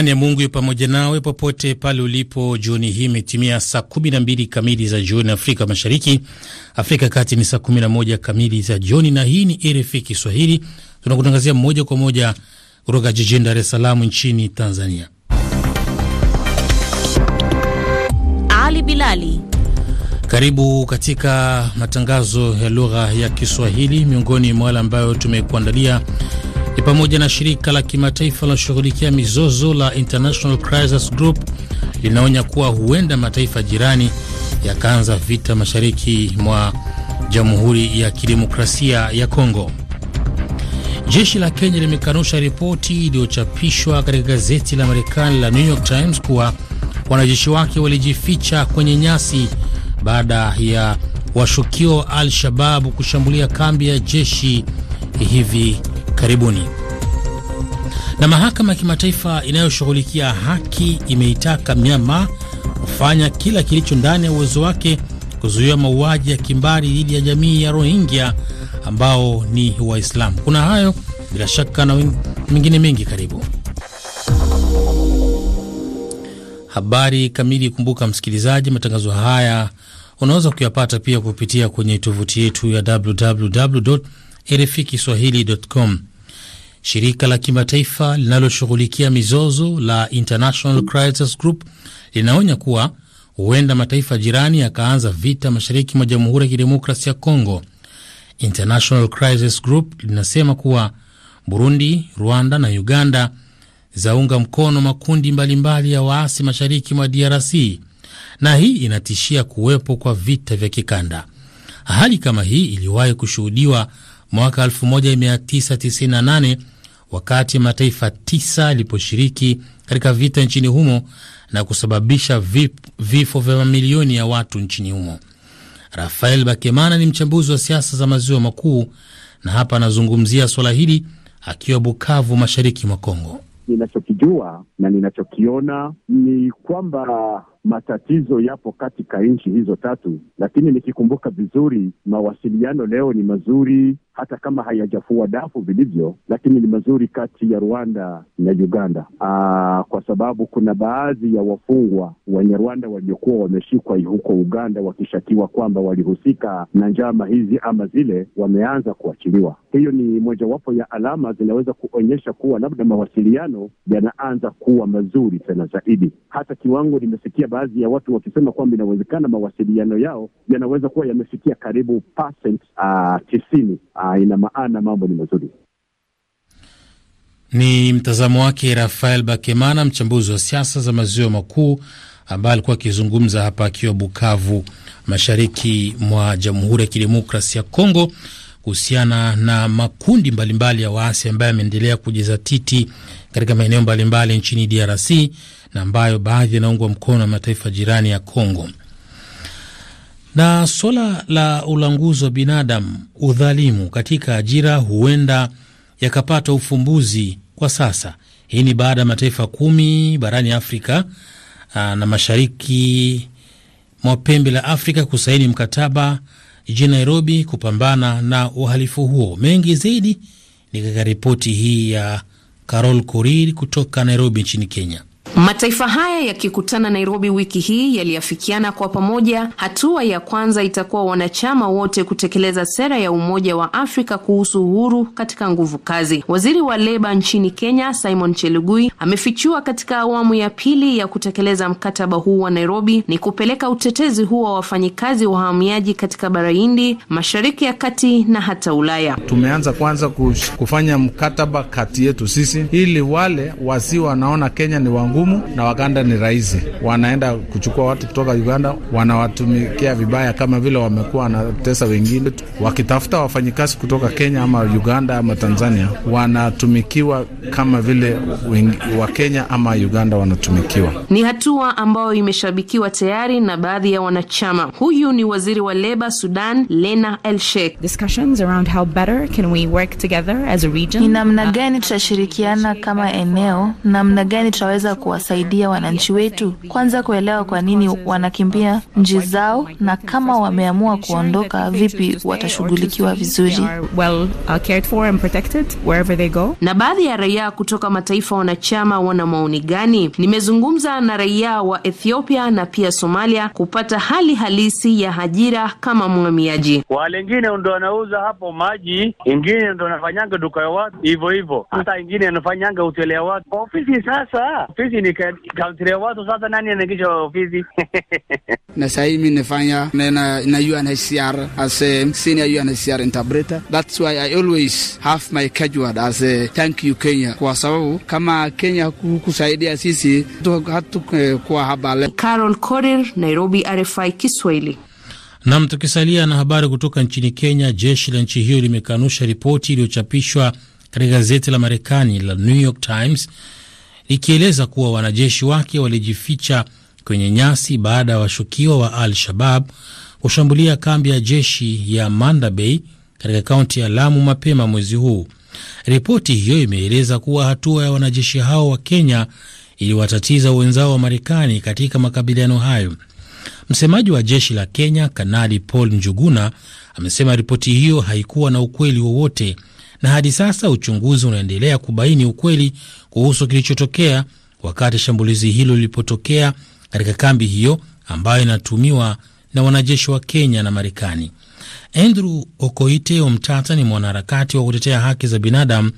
Amani ya Mungu pamoja nawe popote pale ulipo. Jioni hii imetimia saa mbili kamili za jioni Afrika Mashariki, Afrika ya Kati ni saa 11 kamili za jioni, na hii ni RFI Kiswahili. Tunakutangazia moja kwa moja kutoka jijini Dar es Salaam nchini Tanzania. Ali Bilali, karibu katika matangazo ya lugha ya Kiswahili. Miongoni mwa wale ambayo tumekuandalia ni pamoja na shirika la kimataifa linaloshughulikia mizozo la International Crisis Group linaonya kuwa huenda mataifa jirani yakaanza vita mashariki mwa Jamhuri ya Kidemokrasia ya Kongo. Jeshi la Kenya limekanusha ripoti iliyochapishwa katika gazeti la Marekani la New York Times kuwa wanajeshi wake walijificha kwenye nyasi baada ya washukio Al-Shababu kushambulia kambi ya jeshi hivi Karibuni. Na mahakama ya kimataifa inayoshughulikia haki imeitaka Myanmar kufanya kila kilicho ndani ya uwezo wake kuzuia mauaji ya kimbari dhidi ya jamii ya Rohingya ambao ni Waislamu. Kuna hayo bila shaka na mengine mengi, karibu habari kamili. Kumbuka msikilizaji, matangazo haya unaweza kuyapata pia kupitia kwenye tovuti yetu ya www rfi kiswahili.com. Shirika la kimataifa linaloshughulikia mizozo la International Crisis Group linaonya kuwa huenda mataifa jirani yakaanza vita mashariki mwa Jamhuri ya Kidemokrasia ya Kongo. International Crisis Group linasema kuwa Burundi, Rwanda na Uganda zaunga mkono makundi mbalimbali mbali ya waasi mashariki mwa DRC na hii inatishia kuwepo kwa vita vya kikanda. Hali kama hii iliwahi kushuhudiwa mwaka 1998 wakati mataifa tisa yaliposhiriki katika vita nchini humo na kusababisha vifo vya mamilioni ya watu nchini humo. Rafael Bakemana ni mchambuzi wa siasa za maziwa makuu na hapa anazungumzia swala hili akiwa Bukavu, mashariki mwa Kongo. Ninachokijua na ninachokiona ni kwamba matatizo yapo katika nchi hizo tatu, lakini nikikumbuka vizuri, mawasiliano leo ni mazuri, hata kama hayajafua dafu vilivyo, lakini ni mazuri kati ya Rwanda na Uganda. Aa, ah, kwa sababu kuna baadhi ya wafungwa wenye rwanda waliokuwa wameshikwa huko Uganda wakishakiwa kwamba walihusika na njama hizi ama zile, wameanza kuachiliwa. Hiyo ni mojawapo ya alama zinaweza kuonyesha kuwa labda mawasiliano yanaanza kuwa mazuri tena zaidi. Hata kiwango nimesikia baadhi ya watu wakisema kwamba inawezekana mawasiliano yao yanaweza kuwa yamefikia karibu percent ah, tisini. Ah, ina maana mambo ni mazuri. Ni mtazamo wake Rafael Bakemana, mchambuzi wa siasa za maziwa makuu, ambaye alikuwa akizungumza hapa akiwa Bukavu, mashariki mwa Jamhuri ya Kidemokrasi ya Kongo kuhusiana na makundi mbalimbali mbali ya waasi ambayo yameendelea kujizatiti katika maeneo mbalimbali nchini DRC na ambayo baadhi yanaungwa mkono na mataifa jirani ya Congo. Na suala la ulanguzi wa binadamu, udhalimu katika ajira huenda yakapata ufumbuzi kwa sasa. Hii ni baada ya mataifa kumi barani Afrika ah, na mashariki mwa pembe la Afrika kusaini mkataba jijini Nairobi kupambana na uhalifu huo. Mengi zaidi ni katika ripoti hii ya Carol kurir kutoka Nairobi nchini Kenya. Mataifa haya yakikutana Nairobi wiki hii yaliafikiana kwa pamoja, hatua ya kwanza itakuwa wanachama wote kutekeleza sera ya Umoja wa Afrika kuhusu uhuru katika nguvu kazi. Waziri wa leba nchini Kenya Simon Chelugui amefichua katika awamu ya pili ya kutekeleza mkataba huu wa Nairobi ni kupeleka utetezi huo wa wafanyikazi wahamiaji katika bara Hindi, Mashariki ya Kati na hata Ulaya. Tumeanza kwanza kufanya mkataba kati yetu sisi, ili wale wasi wanaona Kenya ni wangu ngumu na Waganda ni rahisi, wanaenda kuchukua watu kutoka Uganda, wanawatumikia vibaya, kama vile wamekuwa wanatesa wengine. Wakitafuta wafanyikazi kutoka Kenya ama Uganda ama Tanzania, wanatumikiwa kama vile wa Kenya ama Uganda wanatumikiwa. Ni hatua ambayo imeshabikiwa tayari na baadhi ya wanachama. Huyu ni waziri wa leba Sudan, Lena El Sheikh. Discussions around how better can we work together as a region. Ni namna gani tutashirikiana kama eneo, namna gani tutaweza ku kuwasaidia wananchi wetu, kwanza kuelewa kwa nini wanakimbia nchi zao, na kama wameamua kuondoka, vipi watashughulikiwa vizuri. Na baadhi ya raia kutoka mataifa wanachama wana maoni gani? Nimezungumza na raia wa Ethiopia na pia Somalia kupata hali halisi ya ajira kama mwamiaji. Walengine ndo wanauza hapo maji, ingine ndo anafanyanga duka ya watu hivyo hivyo, hata ingine anafanyanga hoteli ya watu. Ofisi sasa, ofisi ofisi nikautilia watu sasa, nani anaingisha ofisi? na sasa mi nafanya na na UNHCR as a senior UNHCR interpreter, that's why I always have my casual as a thank you Kenya, kwa sababu kama Kenya kusaidia sisi hatukuwa eh, habari. Carol Korir, Nairobi, RFI Kiswahili. Nam, tukisalia na habari kutoka nchini Kenya, jeshi la nchi hiyo limekanusha ripoti iliyochapishwa katika gazeti la Marekani la New York Times ikieleza kuwa wanajeshi wake walijificha kwenye nyasi baada ya washukiwa wa Al Shabab kushambulia kambi ya jeshi ya Mandabey katika kaunti ya Lamu mapema mwezi huu. Ripoti hiyo imeeleza kuwa hatua ya wanajeshi hao wa Kenya iliwatatiza wenzao wa Marekani katika makabiliano hayo. Msemaji wa jeshi la Kenya, Kanali Paul Njuguna, amesema ripoti hiyo haikuwa na ukweli wowote na hadi sasa uchunguzi unaendelea kubaini ukweli kuhusu kilichotokea wakati shambulizi hilo lilipotokea katika kambi hiyo ambayo inatumiwa na wanajeshi wa Kenya na Marekani. Andrew Okoite Omtata ni mwanaharakati wa kutetea haki za binadamu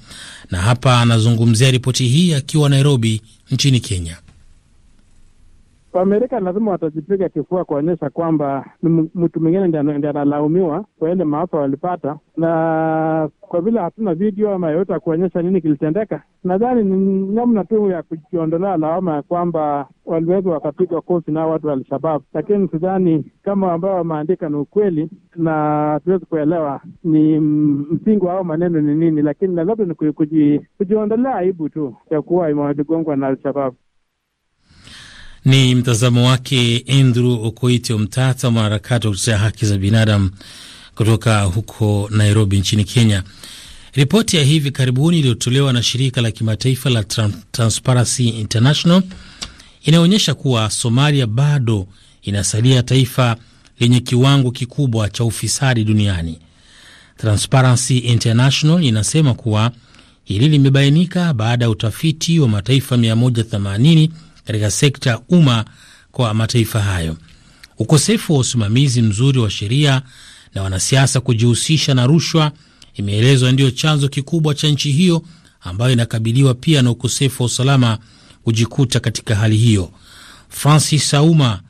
na hapa anazungumzia ripoti hii akiwa Nairobi nchini Kenya. Waamerika lazima watajipiga kifua kuonyesha kwamba mtu mwingine ndi analaumiwa kwa ile maafa walipata, na kwa vile hatuna video ama yoyote ya kuonyesha nini kilitendeka, nadhani ni namna tu ya kujiondolea lawama ya kwamba waliweza wakapigwa kofi nao watu wa Alshababu, lakini sidhani kama ambao wameandika ni ukweli, na hatuwezi kuelewa ni msingi wa hao maneno ni nini, lakini labda ni kujiondolea aibu tu ya kuwa imewagongwa na Alshababu. Ni mtazamo wake Andrew Okoitio Mtata, mwanaharakati wa kutetea haki za binadamu kutoka huko Nairobi nchini Kenya. Ripoti ya hivi karibuni iliyotolewa na shirika la kimataifa la Transparency International inaonyesha kuwa Somalia bado inasalia taifa lenye kiwango kikubwa cha ufisadi duniani. Transparency International inasema kuwa hili limebainika baada ya utafiti wa mataifa 180 katika sekta ya umma kwa mataifa hayo. Ukosefu wa usimamizi mzuri wa sheria na wanasiasa kujihusisha na rushwa imeelezwa ndiyo chanzo kikubwa cha nchi hiyo ambayo inakabiliwa pia na ukosefu wa usalama kujikuta katika hali hiyo. Francis Sauma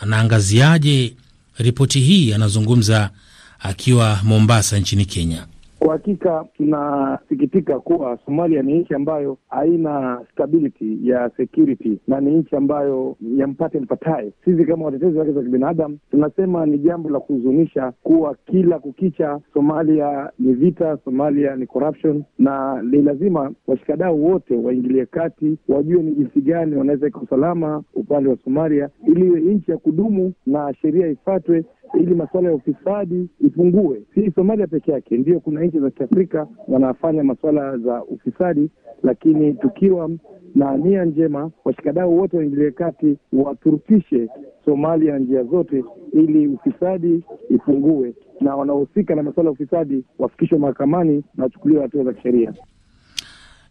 anaangaziaje ripoti hii? Anazungumza akiwa Mombasa nchini Kenya. Kwa hakika tunasikitika kuwa Somalia ni nchi ambayo haina stability ya security na ni nchi ambayo yampate mpatae. Sisi kama watetezi wake za kibinadamu tunasema ni jambo la kuhuzunisha kuwa kila kukicha Somalia ni vita, Somalia ni corruption, na ni lazima washikadau wote waingilie kati, wajue ni jinsi gani wanaweza ika usalama upande wa Somalia ili iwe nchi ya kudumu na sheria ifatwe ili masuala ya ufisadi ipungue. Si Somalia peke yake, ndio kuna nchi za Kiafrika wanafanya masuala za ufisadi, lakini tukiwa na nia njema, washikadau wote waingilie kati, waturutishe Somalia njia zote, ili ufisadi ipungue na wanaohusika na masuala ya ufisadi wafikishwe mahakamani na wachukuliwe hatua za kisheria.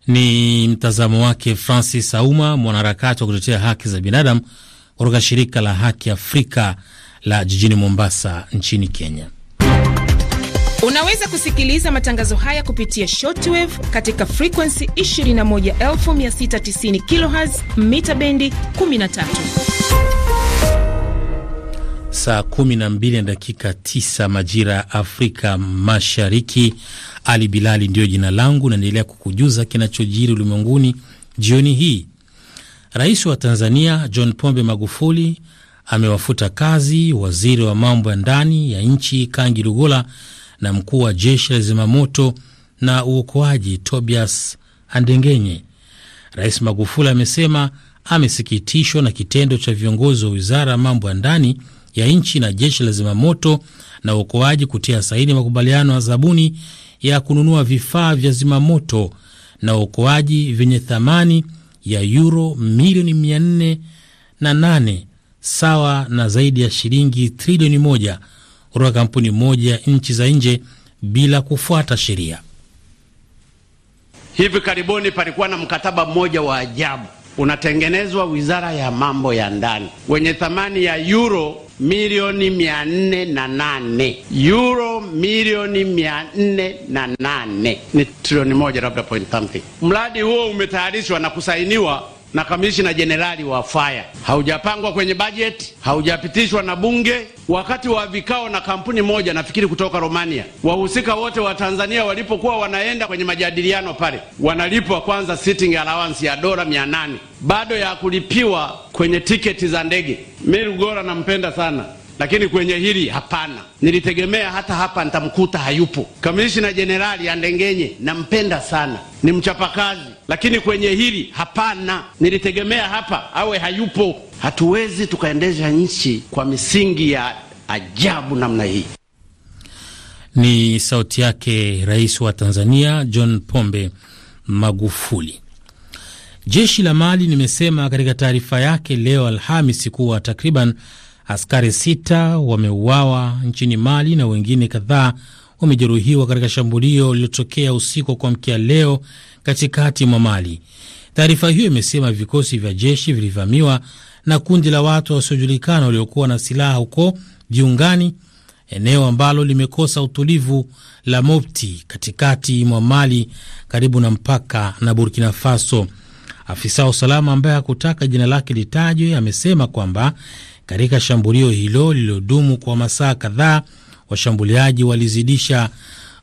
Ni mtazamo wake Francis Auma, mwanaharakati wa kutetea haki za binadamu kutoka shirika la Haki Afrika la jijini Mombasa nchini Kenya. Unaweza kusikiliza matangazo haya kupitia shortwave katika frekuensi 21690 kHz mita bendi 13. Saa 12 na dakika 9 majira ya Afrika Mashariki. Ali Bilali ndiyo jina langu, naendelea kukujuza kinachojiri ulimwenguni jioni hii. Rais wa Tanzania John Pombe Magufuli amewafuta kazi waziri wa mambo ya ndani ya nchi Kangi Lugola na mkuu wa jeshi la zimamoto na uokoaji Tobias Andengenye. Rais Magufuli amesema amesikitishwa na kitendo cha viongozi wa wizara ya mambo ya ndani ya nchi na jeshi la zimamoto na uokoaji kutia saini makubaliano ya zabuni ya kununua vifaa vya zimamoto na uokoaji vyenye thamani ya yuro milioni 408 sawa na zaidi ya shilingi trilioni moja kutoka kampuni moja ya nchi za nje bila kufuata sheria. Hivi karibuni palikuwa na mkataba mmoja wa ajabu unatengenezwa wizara ya mambo ya ndani wenye thamani ya euro milioni mia nne na nane euro milioni mia nne na nane ni trilioni moja labda point something. Mradi huo umetayarishwa na kusainiwa na kamishina jenerali wa fire. Haujapangwa kwenye bajeti, haujapitishwa na bunge. Wakati wa vikao na kampuni moja nafikiri kutoka Romania, wahusika wote wa Tanzania walipokuwa wanaenda kwenye majadiliano pale, wanalipwa kwanza sitting allowance ya dola mia nane bado ya kulipiwa kwenye tiketi za ndege. Mi Lugora nampenda sana lakini kwenye hili hapana. Nilitegemea hata hapa nitamkuta hayupo. Kamishna Jenerali Andengenye nampenda sana, ni mchapakazi, lakini kwenye hili hapana. Nilitegemea hapa awe hayupo. Hatuwezi tukaendesha nchi kwa misingi ya ajabu namna hii. Ni sauti yake Rais wa Tanzania John Pombe Magufuli. Jeshi la Mali limesema katika taarifa yake leo Alhamisi kuwa takriban Askari sita wameuawa nchini Mali na wengine kadhaa wamejeruhiwa katika shambulio lililotokea usiku kwa mkia leo katikati mwa Mali. Taarifa hiyo imesema vikosi vya jeshi vilivamiwa na kundi la watu wasiojulikana waliokuwa na silaha huko Jiungani, eneo ambalo limekosa utulivu la Mopti katikati mwa Mali, karibu na mpaka na Burkina Faso. Afisa wa usalama ambaye hakutaka jina lake litajwe amesema kwamba katika shambulio hilo lililodumu kwa masaa kadhaa, washambuliaji walizidisha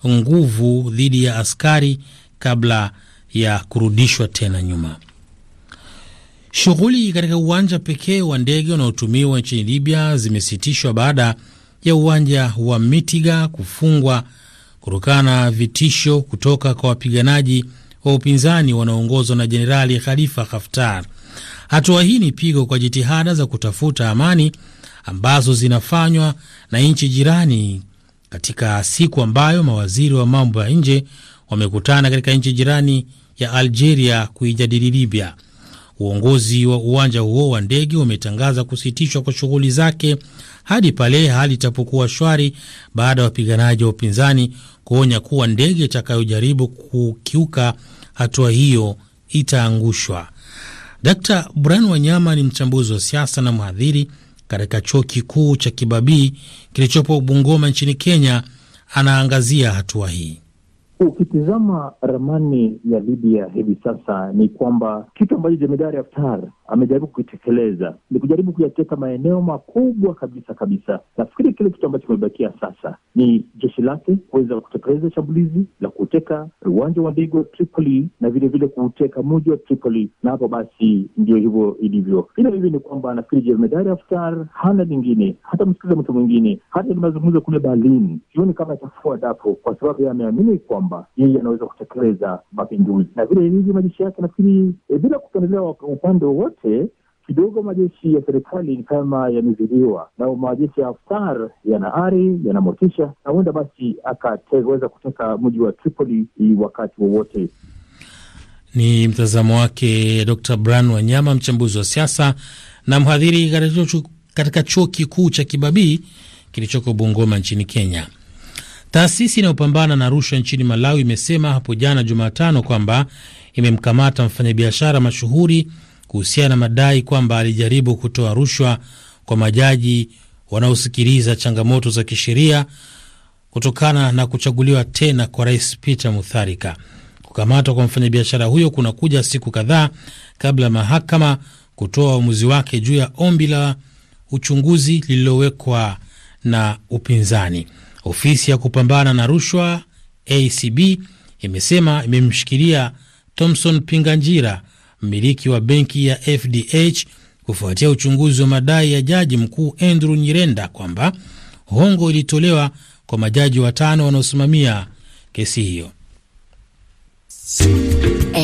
nguvu dhidi ya askari kabla ya kurudishwa tena nyuma. Shughuli katika uwanja pekee wa ndege unaotumiwa nchini Libya zimesitishwa baada ya uwanja wa Mitiga kufungwa kutokana na vitisho kutoka kwa wapiganaji wa upinzani wanaoongozwa na Jenerali Khalifa Haftar. Hatua hii ni pigo kwa jitihada za kutafuta amani ambazo zinafanywa na nchi jirani katika siku ambayo mawaziri wa mambo ya nje wamekutana katika nchi jirani ya Algeria kuijadili Libya. Uongozi wa uwanja huo wa ndege umetangaza kusitishwa kwa shughuli zake hadi pale hali itapokuwa shwari, baada ya wapiganaji wa upinzani kuonya kuwa ndege itakayojaribu kukiuka hatua hiyo itaangushwa. Dkt Brian Wanyama ni mchambuzi wa siasa na mhadhiri katika chuo kikuu cha Kibabii kilichopo Bungoma nchini Kenya. Anaangazia hatua hii. Ukitizama ramani ya Libya hivi sasa ni kwamba kitu ambacho jemedari Haftar amejaribu kukitekeleza ni kujaribu kuyateka maeneo makubwa kabisa kabisa. Nafikiri kile kitu ambacho kimebakia sasa ni jeshi lake kuweza kutekeleza shambulizi la kuteka uwanja wa ndege wa Tripoli na vilevile kuuteka muji wa Tripoli, na hapo basi ndio hivyo ilivyo. Ila hivi ni kwamba nafikiri jemedari Haftar hana lingine, hata msikiliza mtu mwingine, hata ni mazungumzo kule Berlin, sioni kama atafua dapo, kwa sababu ameamini kwamba kwamba yeye anaweza kutekeleza mapinduzi na vile ilivyo majeshi yake. Nafikiri e, bila kupendelea upande wowote kidogo majeshi ya serikali ni kama yamezidiwa, na majeshi ya Haftar yana ari, yana motisha, na huenda basi akaweza kuteka mji wa Tripoli eh, wakati wowote. Ni mtazamo wake Dr Bran Wanyama, mchambuzi wa siasa na mhadhiri katika chuo kikuu cha Kibabii kilichoko Bungoma nchini Kenya. Taasisi inayopambana na rushwa nchini Malawi imesema hapo jana Jumatano kwamba imemkamata mfanyabiashara mashuhuri kuhusiana na madai kwamba alijaribu kutoa rushwa kwa majaji wanaosikiliza changamoto za kisheria kutokana na kuchaguliwa tena kwa Rais Peter Mutharika. Kukamatwa kwa mfanyabiashara huyo kunakuja siku kadhaa kabla ya mahakama kutoa uamuzi wake juu ya ombi la uchunguzi lililowekwa na upinzani. Ofisi ya kupambana na rushwa ACB imesema imemshikilia Thomson Pinganjira, mmiliki wa benki ya FDH kufuatia uchunguzi wa madai ya jaji mkuu Andrew Nyirenda kwamba hongo ilitolewa kwa majaji watano wanaosimamia kesi hiyo.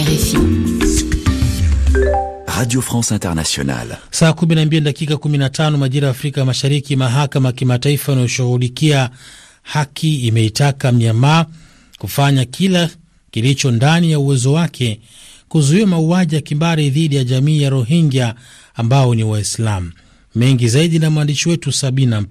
RFI Radio France Internationale. Saa 12 dakika 15 majira ya Afrika Mashariki. Mahakama ya kimataifa inayoshughulikia haki imeitaka Myanmar kufanya kila kilicho ndani ya uwezo wake kuzuia mauaji ya kimbari dhidi ya jamii ya Rohingya ambao ni Waislamu. Mengi zaidi na mwandishi wetu Sabina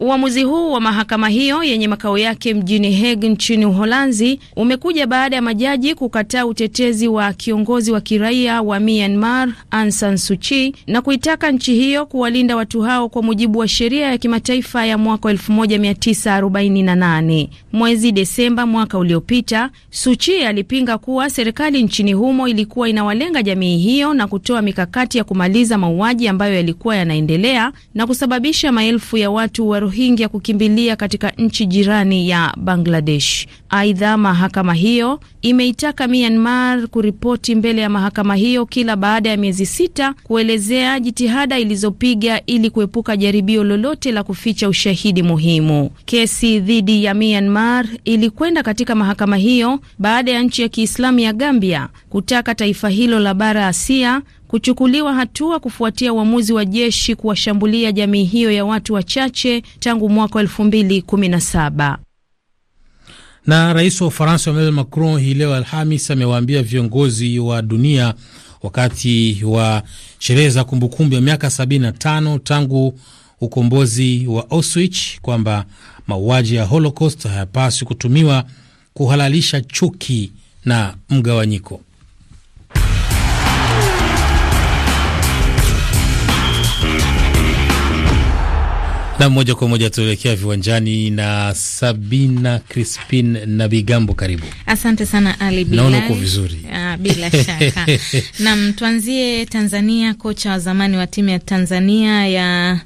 Uamuzi huu wa mahakama hiyo yenye makao yake mjini Hague nchini Uholanzi umekuja baada ya majaji kukataa utetezi wa kiongozi wa kiraia wa Myanmar Aung San Suu Kyi na kuitaka nchi hiyo kuwalinda watu hao kwa mujibu wa sheria ya kimataifa ya mwaka 1948. Mwezi Desemba mwaka uliopita, Suu Kyi alipinga kuwa serikali nchini humo ilikuwa inawalenga jamii hiyo na kutoa mikakati ya kumaliza mauaji ambayo yalikuwa yanaendelea na kusababisha maelfu ya watu Rohingya kukimbilia katika nchi jirani ya Bangladesh. Aidha, mahakama hiyo imeitaka Myanmar kuripoti mbele ya mahakama hiyo kila baada ya miezi sita kuelezea jitihada ilizopiga ili kuepuka jaribio lolote la kuficha ushahidi muhimu. Kesi dhidi ya Myanmar ilikwenda katika mahakama hiyo baada ya nchi ya Kiislamu ya Gambia kutaka taifa hilo la bara Asia kuchukuliwa hatua kufuatia uamuzi wa jeshi kuwashambulia jamii hiyo ya watu wachache tangu mwaka 2017. Na rais wa Ufaransa Emmanuel Macron hii leo Alhamis amewaambia viongozi wa dunia wakati wa sherehe za kumbukumbu ya miaka 75 tangu ukombozi wa Auschwitz kwamba mauaji ya Holocaust hayapaswi kutumiwa kuhalalisha chuki na mgawanyiko. na moja kwa moja tuelekea viwanjani na Sabina Crispin na Bigambo, karibu. Asante sana Ali Bilali, naona uko vizuri. Ah, bila shaka Naam, tuanzie Tanzania. Kocha wa zamani wa timu ya Tanzania ya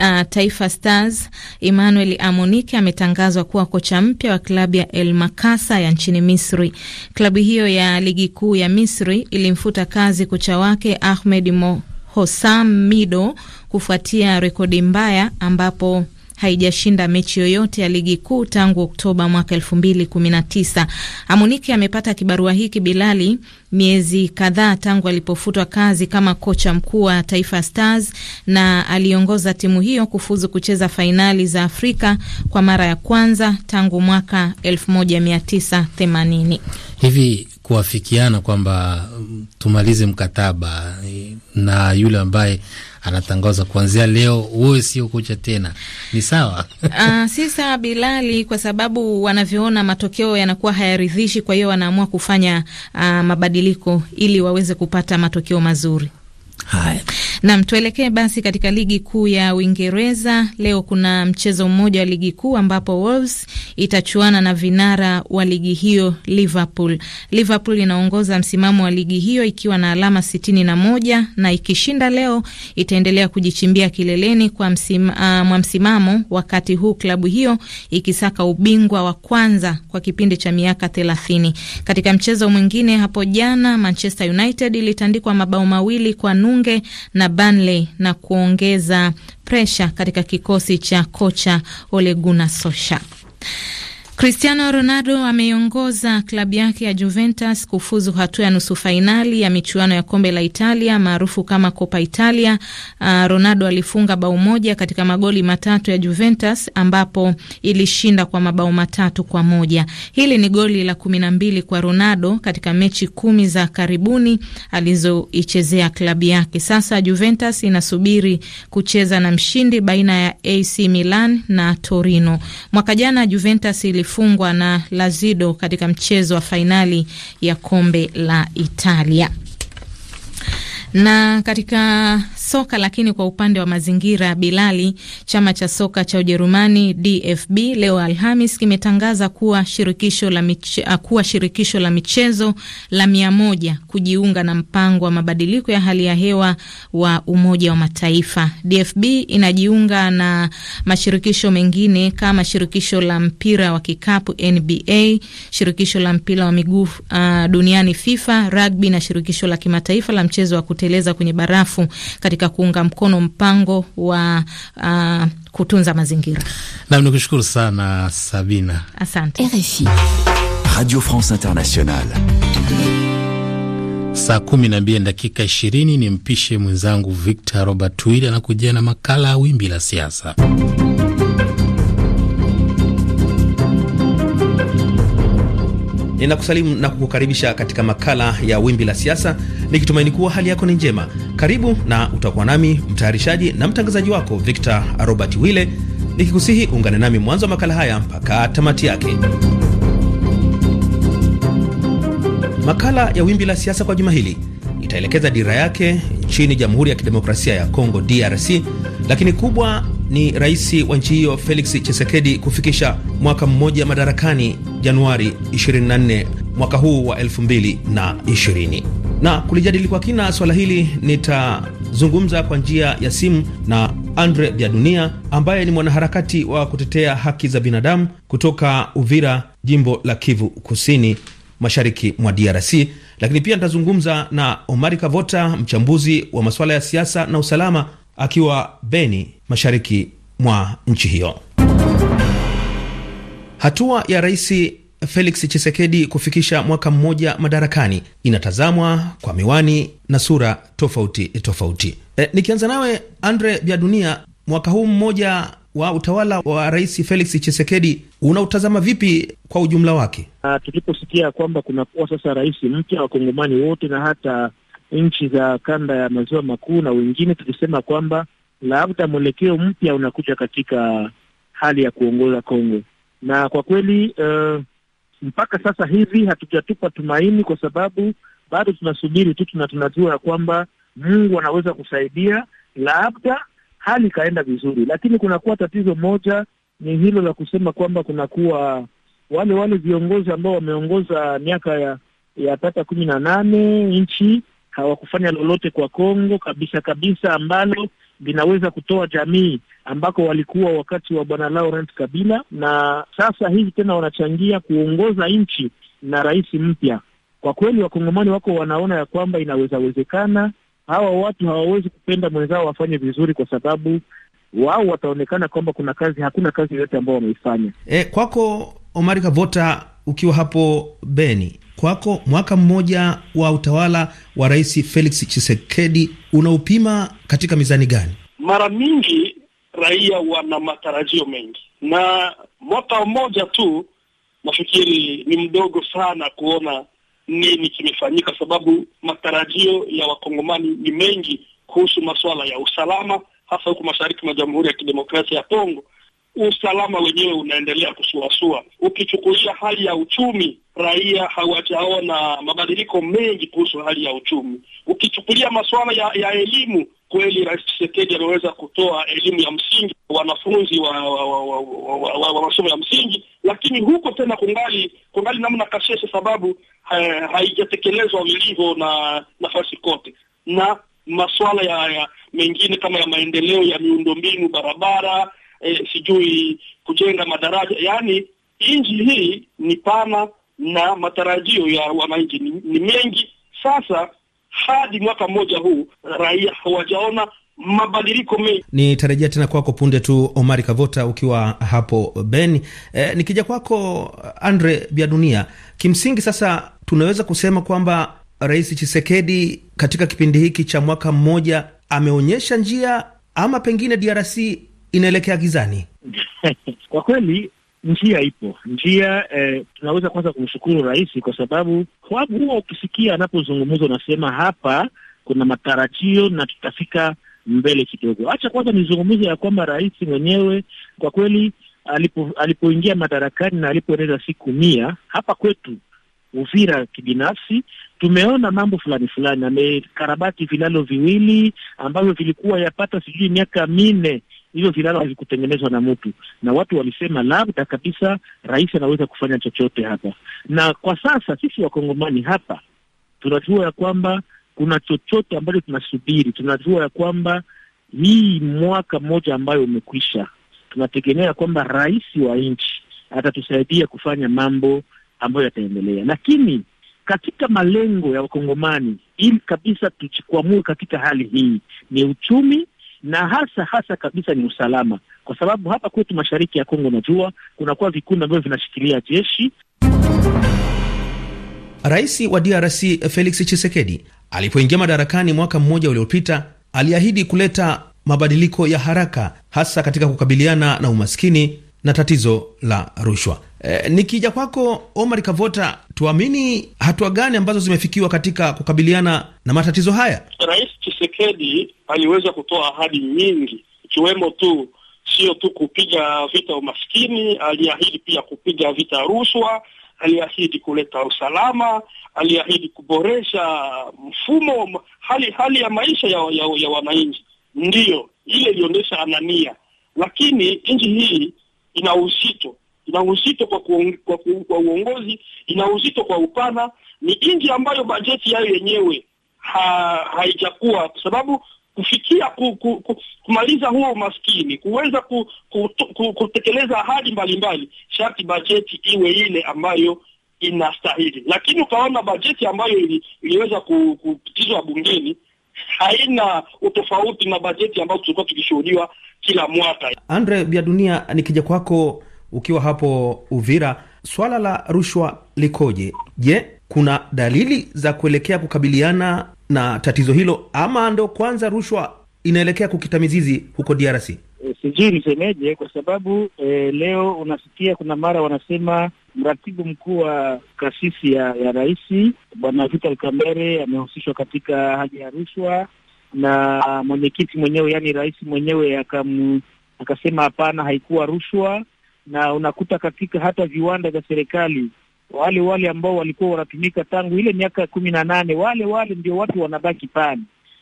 Uh, Taifa Stars Emmanuel Amunike ametangazwa kuwa kocha mpya wa klabu ya El Makasa ya nchini Misri. Klabu hiyo ya ligi kuu ya Misri ilimfuta kazi kocha wake Ahmed Mo hosam Mido kufuatia rekodi mbaya ambapo haijashinda mechi yoyote ya ligi kuu tangu Oktoba mwaka elfu mbili kumi na tisa. Amunike amepata kibarua hiki Bilali miezi kadhaa tangu alipofutwa kazi kama kocha mkuu wa Taifa Stars na aliongoza timu hiyo kufuzu kucheza fainali za Afrika kwa mara ya kwanza tangu mwaka elfu moja mia tisa themanini hivi kuafikiana kwamba mm, tumalize mkataba eh, na yule ambaye anatangaza kuanzia leo wewe sio kocha tena, ni sawa? Uh, si sawa Bilali, kwa sababu wanavyoona matokeo yanakuwa hayaridhishi, kwa hiyo wanaamua kufanya uh, mabadiliko ili waweze kupata matokeo mazuri. Haya, nam tuelekee basi katika ligi kuu ya Uingereza. Leo kuna mchezo mmoja wa ligi kuu ambapo Wolves itachuana na vinara wa ligi hiyo Liverpool. Liverpool inaongoza msimamo wa ligi hiyo ikiwa na alama sitini na moja na ikishinda leo itaendelea kujichimbia kileleni kwa msim, uh, mwa msimamo, wakati huu klabu hiyo ikisaka ubingwa wa kwanza kwa kipindi cha miaka thelathini. Katika mchezo mwingine hapo jana Manchester United ilitandikwa mabao mawili kwa nu Kanunge na Burnley na kuongeza presha katika kikosi cha kocha Ole Gunnar Solskjaer. Cristiano Ronaldo ameiongoza klabu yake ya Juventus kufuzu hatua ya nusu fainali ya michuano ya kombe la Italia maarufu kama Copa Italia. Uh, Ronaldo alifunga bao moja katika magoli matatu ya Juventus ambapo ilishinda kwa mabao matatu kwa moja. Hili ni goli la kumi na mbili kwa Ronaldo katika mechi kumi za karibuni alizoichezea klabu yake. Sasa Juventus inasubiri kucheza na mshindi baina ya AC Milan na Torino. Mwaka jana Juventus ili walifungwa na Lazio katika mchezo wa fainali ya kombe la Italia na katika soka. Lakini kwa upande wa mazingira, Bilali, chama cha soka cha Ujerumani DFB leo Alhamis kimetangaza kuwa shirikisho la miche, ah, kuwa shirikisho la michezo la mia moja kujiunga na mpango wa mabadiliko ya hali ya hewa wa Umoja wa Mataifa. DFB inajiunga na mashirikisho mengine kama shirikisho la mpira wa kikapu NBA, shirikisho la mpira wa miguu uh, duniani FIFA, rugby na shirikisho la kimataifa la mchezo wa kuteleza kwenye barafu katika katika kuunga mkono mpango wa uh, kutunza mazingira. Nam ni kushukuru sana Sabina, asante. RFI, Radio France Internationale. Saa kumi na mbili dakika ishirini ni mpishe mwenzangu Victor Robert Wille anakujia na makala ya Wimbi la Siasa. ninakusalimu na kukukaribisha katika makala ya Wimbi la Siasa, nikitumaini kuwa hali yako ni njema. Karibu na utakuwa nami mtayarishaji na mtangazaji wako Victor Robert Wille, nikikusihi uungane nami mwanzo wa makala haya mpaka tamati yake. Makala ya Wimbi la Siasa kwa juma hili itaelekeza dira yake nchini Jamhuri ya Kidemokrasia ya Kongo DRC, lakini kubwa ni rais wa nchi hiyo Felix Tshisekedi kufikisha mwaka mmoja madarakani Januari 24 mwaka huu wa 2020. Na kulijadili kwa kina swala hili nitazungumza kwa njia ya simu na Andre Dunia ambaye ni mwanaharakati wa kutetea haki za binadamu kutoka Uvira, jimbo la Kivu Kusini, mashariki mwa DRC lakini pia nitazungumza na Omari Kavota, mchambuzi wa masuala ya siasa na usalama, akiwa Beni, mashariki mwa nchi hiyo. Hatua ya Rais Felix Chisekedi kufikisha mwaka mmoja madarakani inatazamwa kwa miwani na sura tofauti tofauti. E, nikianza nawe Andre biadunia Dunia, mwaka huu mmoja wa utawala wa Rais Felix Chisekedi unautazama vipi kwa ujumla wake? Ah, tuliposikia kwamba kunakuwa sasa rais mpya, wakongomani wote na hata nchi za kanda ya maziwa makuu na wengine tulisema kwamba labda mwelekeo mpya unakuja katika hali ya kuongoza Kongo, na kwa kweli uh, mpaka sasa hivi hatujatupa tumaini, kwa sababu bado tunasubiri tu, na tunajua ya kwamba Mungu anaweza kusaidia, labda hali ikaenda vizuri, lakini kunakuwa tatizo moja, ni hilo la kusema kwamba kunakuwa wale wale viongozi ambao wameongoza miaka ya ya tata kumi na nane nchi hawakufanya lolote kwa Kongo kabisa kabisa, ambalo linaweza kutoa jamii ambako walikuwa wakati wa bwana Laurent Kabila, na sasa hivi tena wanachangia kuongoza nchi na rais mpya. Kwa kweli, wakongomani wako wanaona ya kwamba inawezawezekana hawa watu hawawezi kupenda mwenzao wafanye vizuri, kwa sababu wao wataonekana kwamba kuna kazi, hakuna kazi yoyote ambao wameifanya. E, kwako Omari Kavota, ukiwa hapo Beni, kwako mwaka mmoja wa utawala wa Rais Felix Tshisekedi unaupima katika mizani gani? Mara mingi raia wana matarajio mengi, na mwaka mmoja tu nafikiri ni mdogo sana kuona nini kimefanyika, sababu matarajio ya wakongomani ni mengi kuhusu masuala ya usalama, hasa huku mashariki mwa Jamhuri ya Kidemokrasia ya Kongo. Usalama wenyewe unaendelea kusuasua. Ukichukulia hali ya uchumi, raia hawajaona mabadiliko mengi kuhusu hali ya uchumi. Ukichukulia masuala ya, ya elimu, kweli Rais Tshisekedi ameweza kutoa elimu ya msingi wanafunzi wa, wa, wa, wa, wa, wa, wa, masomo ya msingi, lakini huko tena kungali kungali namna kasheshe, sababu eh, haijatekelezwa vilivyo na nafasi kote, na masuala ya, ya mengine kama ya maendeleo ya miundombinu barabara, eh, sijui kujenga madaraja. Yaani nchi hii ni pana na matarajio ya wananchi ni, ni mengi. Sasa hadi mwaka mmoja huu raia hawajaona mabadiliko mengi. Nitarejea tena kwako punde tu, Omari Kavota, ukiwa hapo ben E, nikija kwako Andre dunia kimsingi sasa tunaweza kusema kwamba Rais Chisekedi katika kipindi hiki cha mwaka mmoja ameonyesha njia ama pengine DRC inaelekea gizani? Kwa kweli Njia ipo, njia eh, tunaweza kwanza kumshukuru rais kwa sababu huwa ukisikia anapozungumza unasema hapa kuna matarajio na tutafika mbele kidogo. hacha kwanza nizungumze ya kwamba rais mwenyewe kwa kweli alipo, alipoingia madarakani na alipoeneza siku mia hapa kwetu Uvira kibinafsi tumeona mambo fulani fulani, amekarabati vilalo viwili ambavyo vilikuwa yapata sijui miaka minne hizo silaha hazikutengenezwa na mtu, na watu walisema labda kabisa rais anaweza kufanya chochote hapa. Na kwa sasa sisi wakongomani hapa tunajua ya kwamba kuna chochote ambacho tunasubiri. Tunajua ya kwamba hii mwaka mmoja ambayo umekwisha, tunategemea kwamba rais wa nchi atatusaidia kufanya mambo ambayo yataendelea, lakini katika malengo ya wakongomani ili kabisa tujikwamue katika hali hii ni uchumi na hasa hasa kabisa ni usalama, kwa sababu hapa kwetu mashariki ya Kongo najua kunakuwa vikundi ambavyo vinashikilia jeshi. Rais wa DRC Felix Tshisekedi alipoingia madarakani mwaka mmoja uliopita aliahidi kuleta mabadiliko ya haraka hasa katika kukabiliana na umaskini na tatizo la rushwa. E, nikija kwako Omar Kavota, tuamini hatua gani ambazo zimefikiwa katika kukabiliana na matatizo haya? Rais chisekedi aliweza kutoa ahadi nyingi, ikiwemo tu sio tu kupiga vita umaskini, aliahidi pia kupiga vita rushwa, aliahidi kuleta usalama, aliahidi kuboresha mfumo hali hali ya maisha ya, ya, ya wananchi. Ndiyo ile ilionyesha anania, lakini nchi hii ina uzito, ina uzito kwa, kwa, kwa uongozi, ina uzito kwa upana. Ni nchi ambayo bajeti yayo yenyewe ha, haijakuwa kwa sababu kufikia ku, ku, ku, kumaliza huo umaskini, kuweza ku, ku, ku, kutekeleza ahadi mbalimbali, sharti bajeti iwe ile ambayo inastahili. Lakini ukaona bajeti ambayo ili, iliweza kupitizwa bungeni haina utofauti na bajeti ambayo tulikuwa tukishuhudiwa kila mwaka. Andre Dunia, nikija kwako ukiwa hapo Uvira, swala la rushwa likoje? Je, kuna dalili za kuelekea kukabiliana na tatizo hilo ama ndo kwanza rushwa inaelekea kukita mizizi huko DRC? E, eh, sijui nisemeje kwa sababu e, leo unasikia kuna mara wanasema mratibu mkuu wa kasisi ya, ya rais bwana Vital Kamerhe amehusishwa katika haja ya rushwa, na mwenyekiti mwenyewe, yaani rais mwenyewe akam, akasema hapana, haikuwa rushwa. Na unakuta katika hata viwanda vya serikali wale wale ambao walikuwa wanatumika tangu ile miaka kumi na nane wale wale ndio watu wanabaki pale,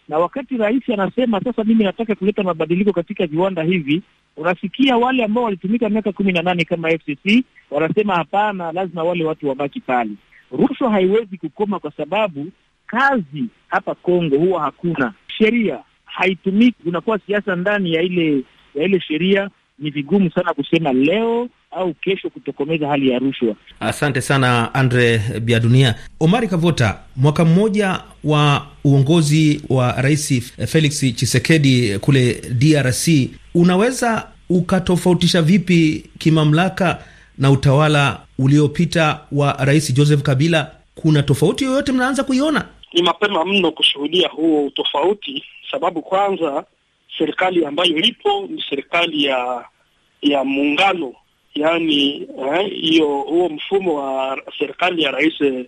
na wakati rais anasema sasa, mimi nataka kuleta mabadiliko katika viwanda hivi unasikia wale ambao walitumika miaka kumi na nane kama FCC wanasema hapana, lazima wale watu wabaki pale. Rushwa haiwezi kukoma kwa sababu kazi hapa Kongo huwa hakuna sheria, haitumiki, kunakuwa siasa ndani ya ile ya ile sheria. Ni vigumu sana kusema leo au kesho kutokomeza hali ya rushwa. Asante sana Andre Biadunia. Omari Kavota, mwaka mmoja wa uongozi wa Rais Felix chisekedi kule DRC unaweza ukatofautisha vipi kimamlaka na utawala uliopita wa Rais Joseph Kabila? Kuna tofauti yoyote mnaanza kuiona? Ni mapema mno kushuhudia huo utofauti, sababu kwanza serikali ambayo ipo ni serikali ya ya muungano, yaani eh, hiyo huo mfumo wa serikali ya rais eh,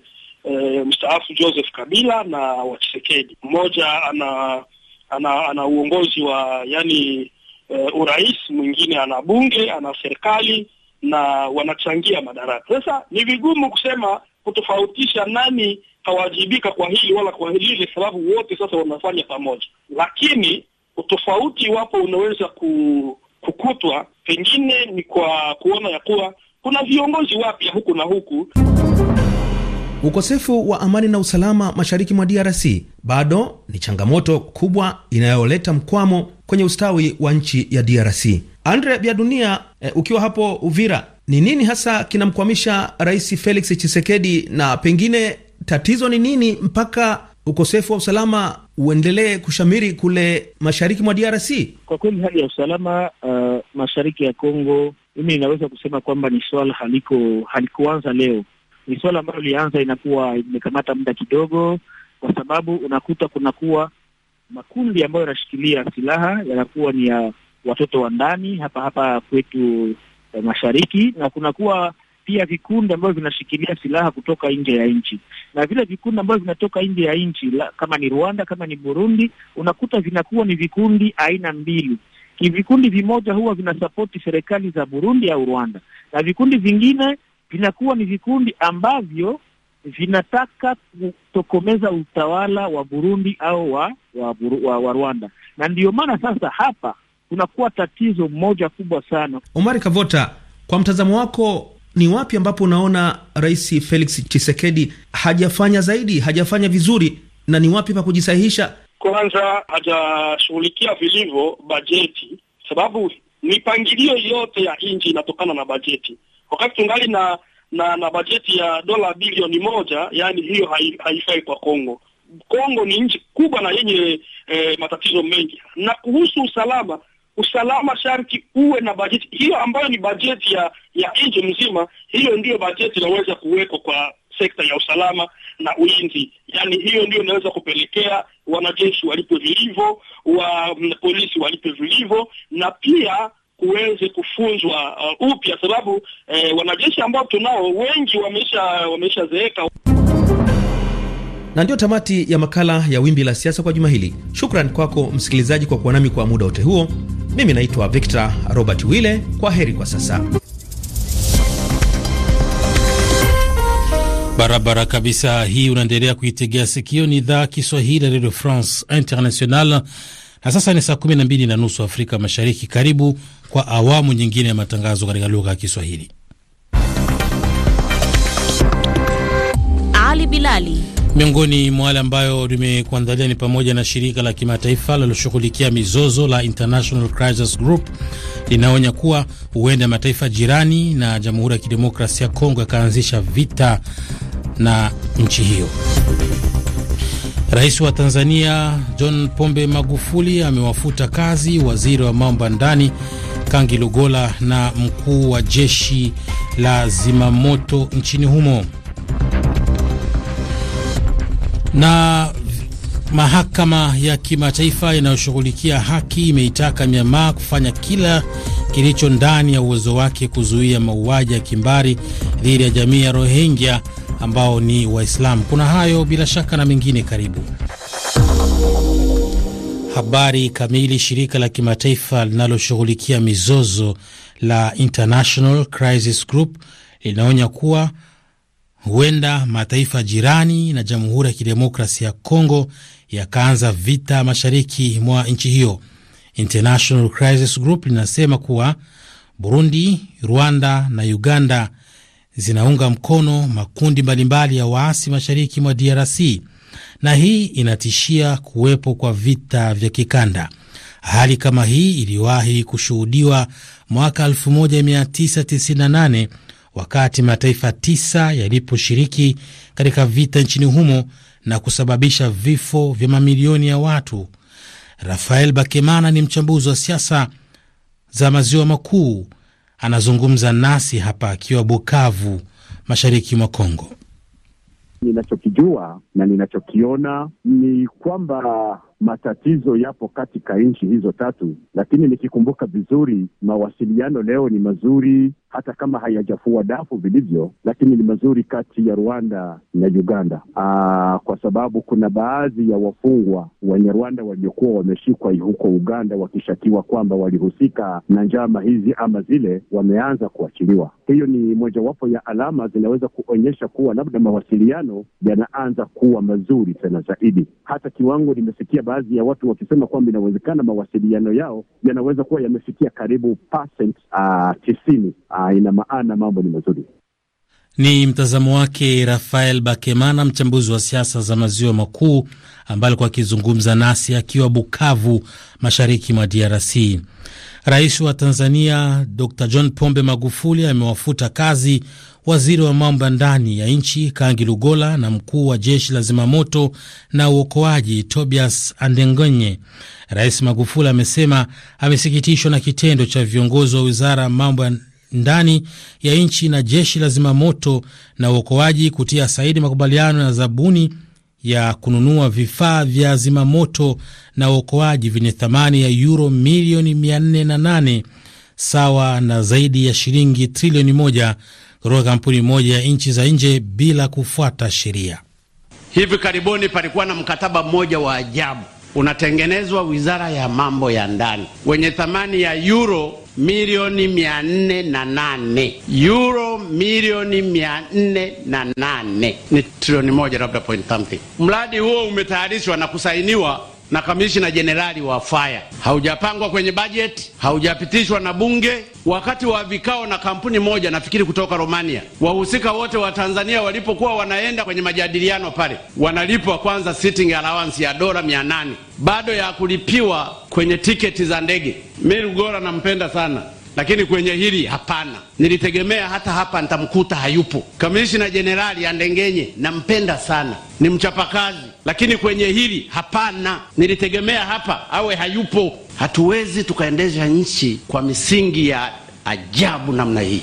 mstaafu Joseph Kabila na wa Tshisekedi. Mmoja ana ana ana uongozi wa yani uh, urais, mwingine ana bunge, ana serikali na wanachangia madaraka. Sasa ni vigumu kusema kutofautisha nani hawajibika kwa hili wala kwa lile, sababu wote sasa wanafanya pamoja, lakini utofauti wapo unaweza ku, kukutwa pengine ni kwa kuona ya kuwa kuna viongozi wapya huku na huku. Ukosefu wa amani na usalama mashariki mwa DRC bado ni changamoto kubwa inayoleta mkwamo kwenye ustawi wa nchi ya DRC. Andre dunia e, ukiwa hapo Uvira, ni nini hasa kinamkwamisha Rais Felix Tshisekedi na pengine tatizo ni nini mpaka ukosefu wa usalama uendelee kushamiri kule mashariki mwa DRC? Kwa kweli hali ya usalama uh, mashariki ya Kongo, mimi inaweza kusema kwamba ni swala haliko halikuanza leo, ni swala ambalo lilianza, inakuwa imekamata muda kidogo, kwa sababu unakuta kunakuwa makundi ambayo yanashikilia silaha yanakuwa ni ya watoto wa ndani hapa hapa kwetu eh, mashariki, na kunakuwa pia vikundi ambavyo vinashikilia silaha kutoka nje ya nchi, na vile vikundi ambavyo vinatoka nje ya nchi kama ni Rwanda, kama ni Burundi, unakuta vinakuwa ni vikundi aina mbili. Vikundi vimoja huwa vinasapoti serikali za Burundi au Rwanda, na vikundi vingine vinakuwa ni vikundi ambavyo vinataka kutokomeza utawala wa Burundi au wa, wa, wa, wa Rwanda, na ndiyo maana sasa hapa kunakuwa tatizo moja kubwa sana. Omar Kavota, kwa mtazamo wako ni wapi ambapo unaona Rais Felix Tshisekedi hajafanya zaidi, hajafanya vizuri na ni wapi pa kujisahihisha? Kwanza hajashughulikia vilivyo bajeti, sababu mipangilio yote ya nchi inatokana na bajeti. Wakati tungali na na na bajeti ya dola bilioni moja, yani hiyo haifai kwa Kongo. Kongo ni nchi kubwa na yenye e, matatizo mengi. Na kuhusu usalama, usalama sharti uwe na bajeti hiyo ambayo ni bajeti ya ya nchi mzima. Hiyo ndiyo bajeti inaweza kuwekwa kwa sekta ya usalama na ulinzi, yaani hiyo ndio inaweza kupelekea wanajeshi walipe vilivyo, wa mm, polisi walipe vilivyo, na pia kuweze kufunzwa uh, upya sababu eh, wanajeshi ambao tunao wengi wamesha wameshazeeka. Na ndiyo tamati ya makala ya Wimbi la Siasa kwa juma hili. Shukran kwako msikilizaji kwa kuwa nami kwa muda wote huo. Mimi naitwa Victor Robert Wille, kwa heri kwa sasa. Barabara kabisa, hii unaendelea kuitegea sikio, ni idhaa Kiswahili ya Radio France International, na sasa ni saa 12 na nusu Afrika Mashariki. Karibu kwa awamu nyingine ya matangazo katika lugha ya Kiswahili. Ali Bilali. Miongoni mwa wale ambayo tumekuandalia ni pamoja na shirika la kimataifa linaloshughulikia mizozo la International Crisis Group linaonya kuwa huenda mataifa jirani na Jamhuri ya Kidemokrasia ya Kongo yakaanzisha vita na nchi hiyo. Rais wa Tanzania John Pombe Magufuli amewafuta kazi waziri wa mambo ya ndani Kangi Lugola na mkuu wa jeshi la zimamoto nchini humo. Na mahakama ya kimataifa inayoshughulikia haki imeitaka Myanmar kufanya kila kilicho ndani ya uwezo wake kuzuia mauaji ya kimbari dhidi ya jamii ya Rohingya ambao ni Waislamu. Kuna hayo bila shaka na mengine, karibu habari kamili, shirika la kimataifa linaloshughulikia mizozo la International Crisis Group linaonya kuwa huenda mataifa jirani na Jamhuri ya kidemokrasi ya congo yakaanza vita mashariki mwa nchi hiyo. International Crisis Group linasema kuwa Burundi, Rwanda na Uganda zinaunga mkono makundi mbalimbali ya waasi mashariki mwa DRC na hii inatishia kuwepo kwa vita vya kikanda. Hali kama hii iliwahi kushuhudiwa mwaka 1998 wakati mataifa tisa yaliposhiriki katika vita nchini humo na kusababisha vifo vya mamilioni ya watu. Rafael Bakemana ni mchambuzi wa siasa za maziwa makuu, anazungumza nasi hapa akiwa Bukavu, mashariki mwa Kongo. Ninachokijua na ninachokiona ni kwamba matatizo yapo katika nchi hizo tatu, lakini nikikumbuka vizuri, mawasiliano leo ni mazuri, hata kama hayajafua dafu vilivyo, lakini ni mazuri kati ya Rwanda na Uganda. Aa, ah, kwa sababu kuna baadhi ya wafungwa wenye Rwanda waliokuwa wameshikwa huko Uganda wakishakiwa kwamba walihusika na njama hizi ama zile, wameanza kuachiliwa. Hiyo ni mojawapo ya alama zinaweza kuonyesha kuwa labda mawasiliano yanaanza kuwa mazuri tena zaidi. Hata kiwango nimesikia baadhi ya watu wakisema kwamba inawezekana mawasiliano yao yanaweza kuwa yamefikia karibu percent ah, tisini. Ah, ina maana mambo ni mazuri. Ni mtazamo wake Rafael Bakemana, mchambuzi wa siasa za maziwa makuu, ambaye alikuwa akizungumza nasi akiwa Bukavu, mashariki mwa DRC. Rais wa Tanzania Dr John Pombe Magufuli amewafuta kazi waziri wa mambo ya ndani ya nchi Kangi Lugola na mkuu wa jeshi la zimamoto na uokoaji Tobias Andengonye. Rais Magufuli amesema amesikitishwa na kitendo cha viongozi wa wizara ya mambo ya ndani ya nchi na jeshi la zimamoto na uokoaji kutia saidi makubaliano ya zabuni ya kununua vifaa vya zimamoto na uokoaji vyenye thamani ya euro milioni 408 sawa na zaidi ya shilingi trilioni moja kutoka kampuni moja ya nchi za nje bila kufuata sheria. Hivi karibuni palikuwa na mkataba mmoja wa ajabu unatengenezwa wizara ya mambo ya ndani wenye thamani ya euro milioni mia nne na nane euro milioni mia nne na nane ni trilioni moja labda point something. Mradi huo umetayarishwa na kusainiwa na kamishina jenerali wa faya. Haujapangwa kwenye bajeti, haujapitishwa na bunge. Wakati wa vikao na kampuni moja nafikiri kutoka Romania, wahusika wote wa Tanzania walipokuwa wanaenda kwenye majadiliano pale, wanalipwa kwanza sitting allowance ya dola mia nane bado ya kulipiwa kwenye tiketi za ndege. Mimi Lugora nampenda sana lakini kwenye hili hapana. Nilitegemea hata hapa nitamkuta hayupo. kamishina Jenerali Andengenye nampenda sana, ni mchapakazi, lakini kwenye hili hapana. Nilitegemea hapa awe hayupo. Hatuwezi tukaendesha nchi kwa misingi ya ajabu namna hii.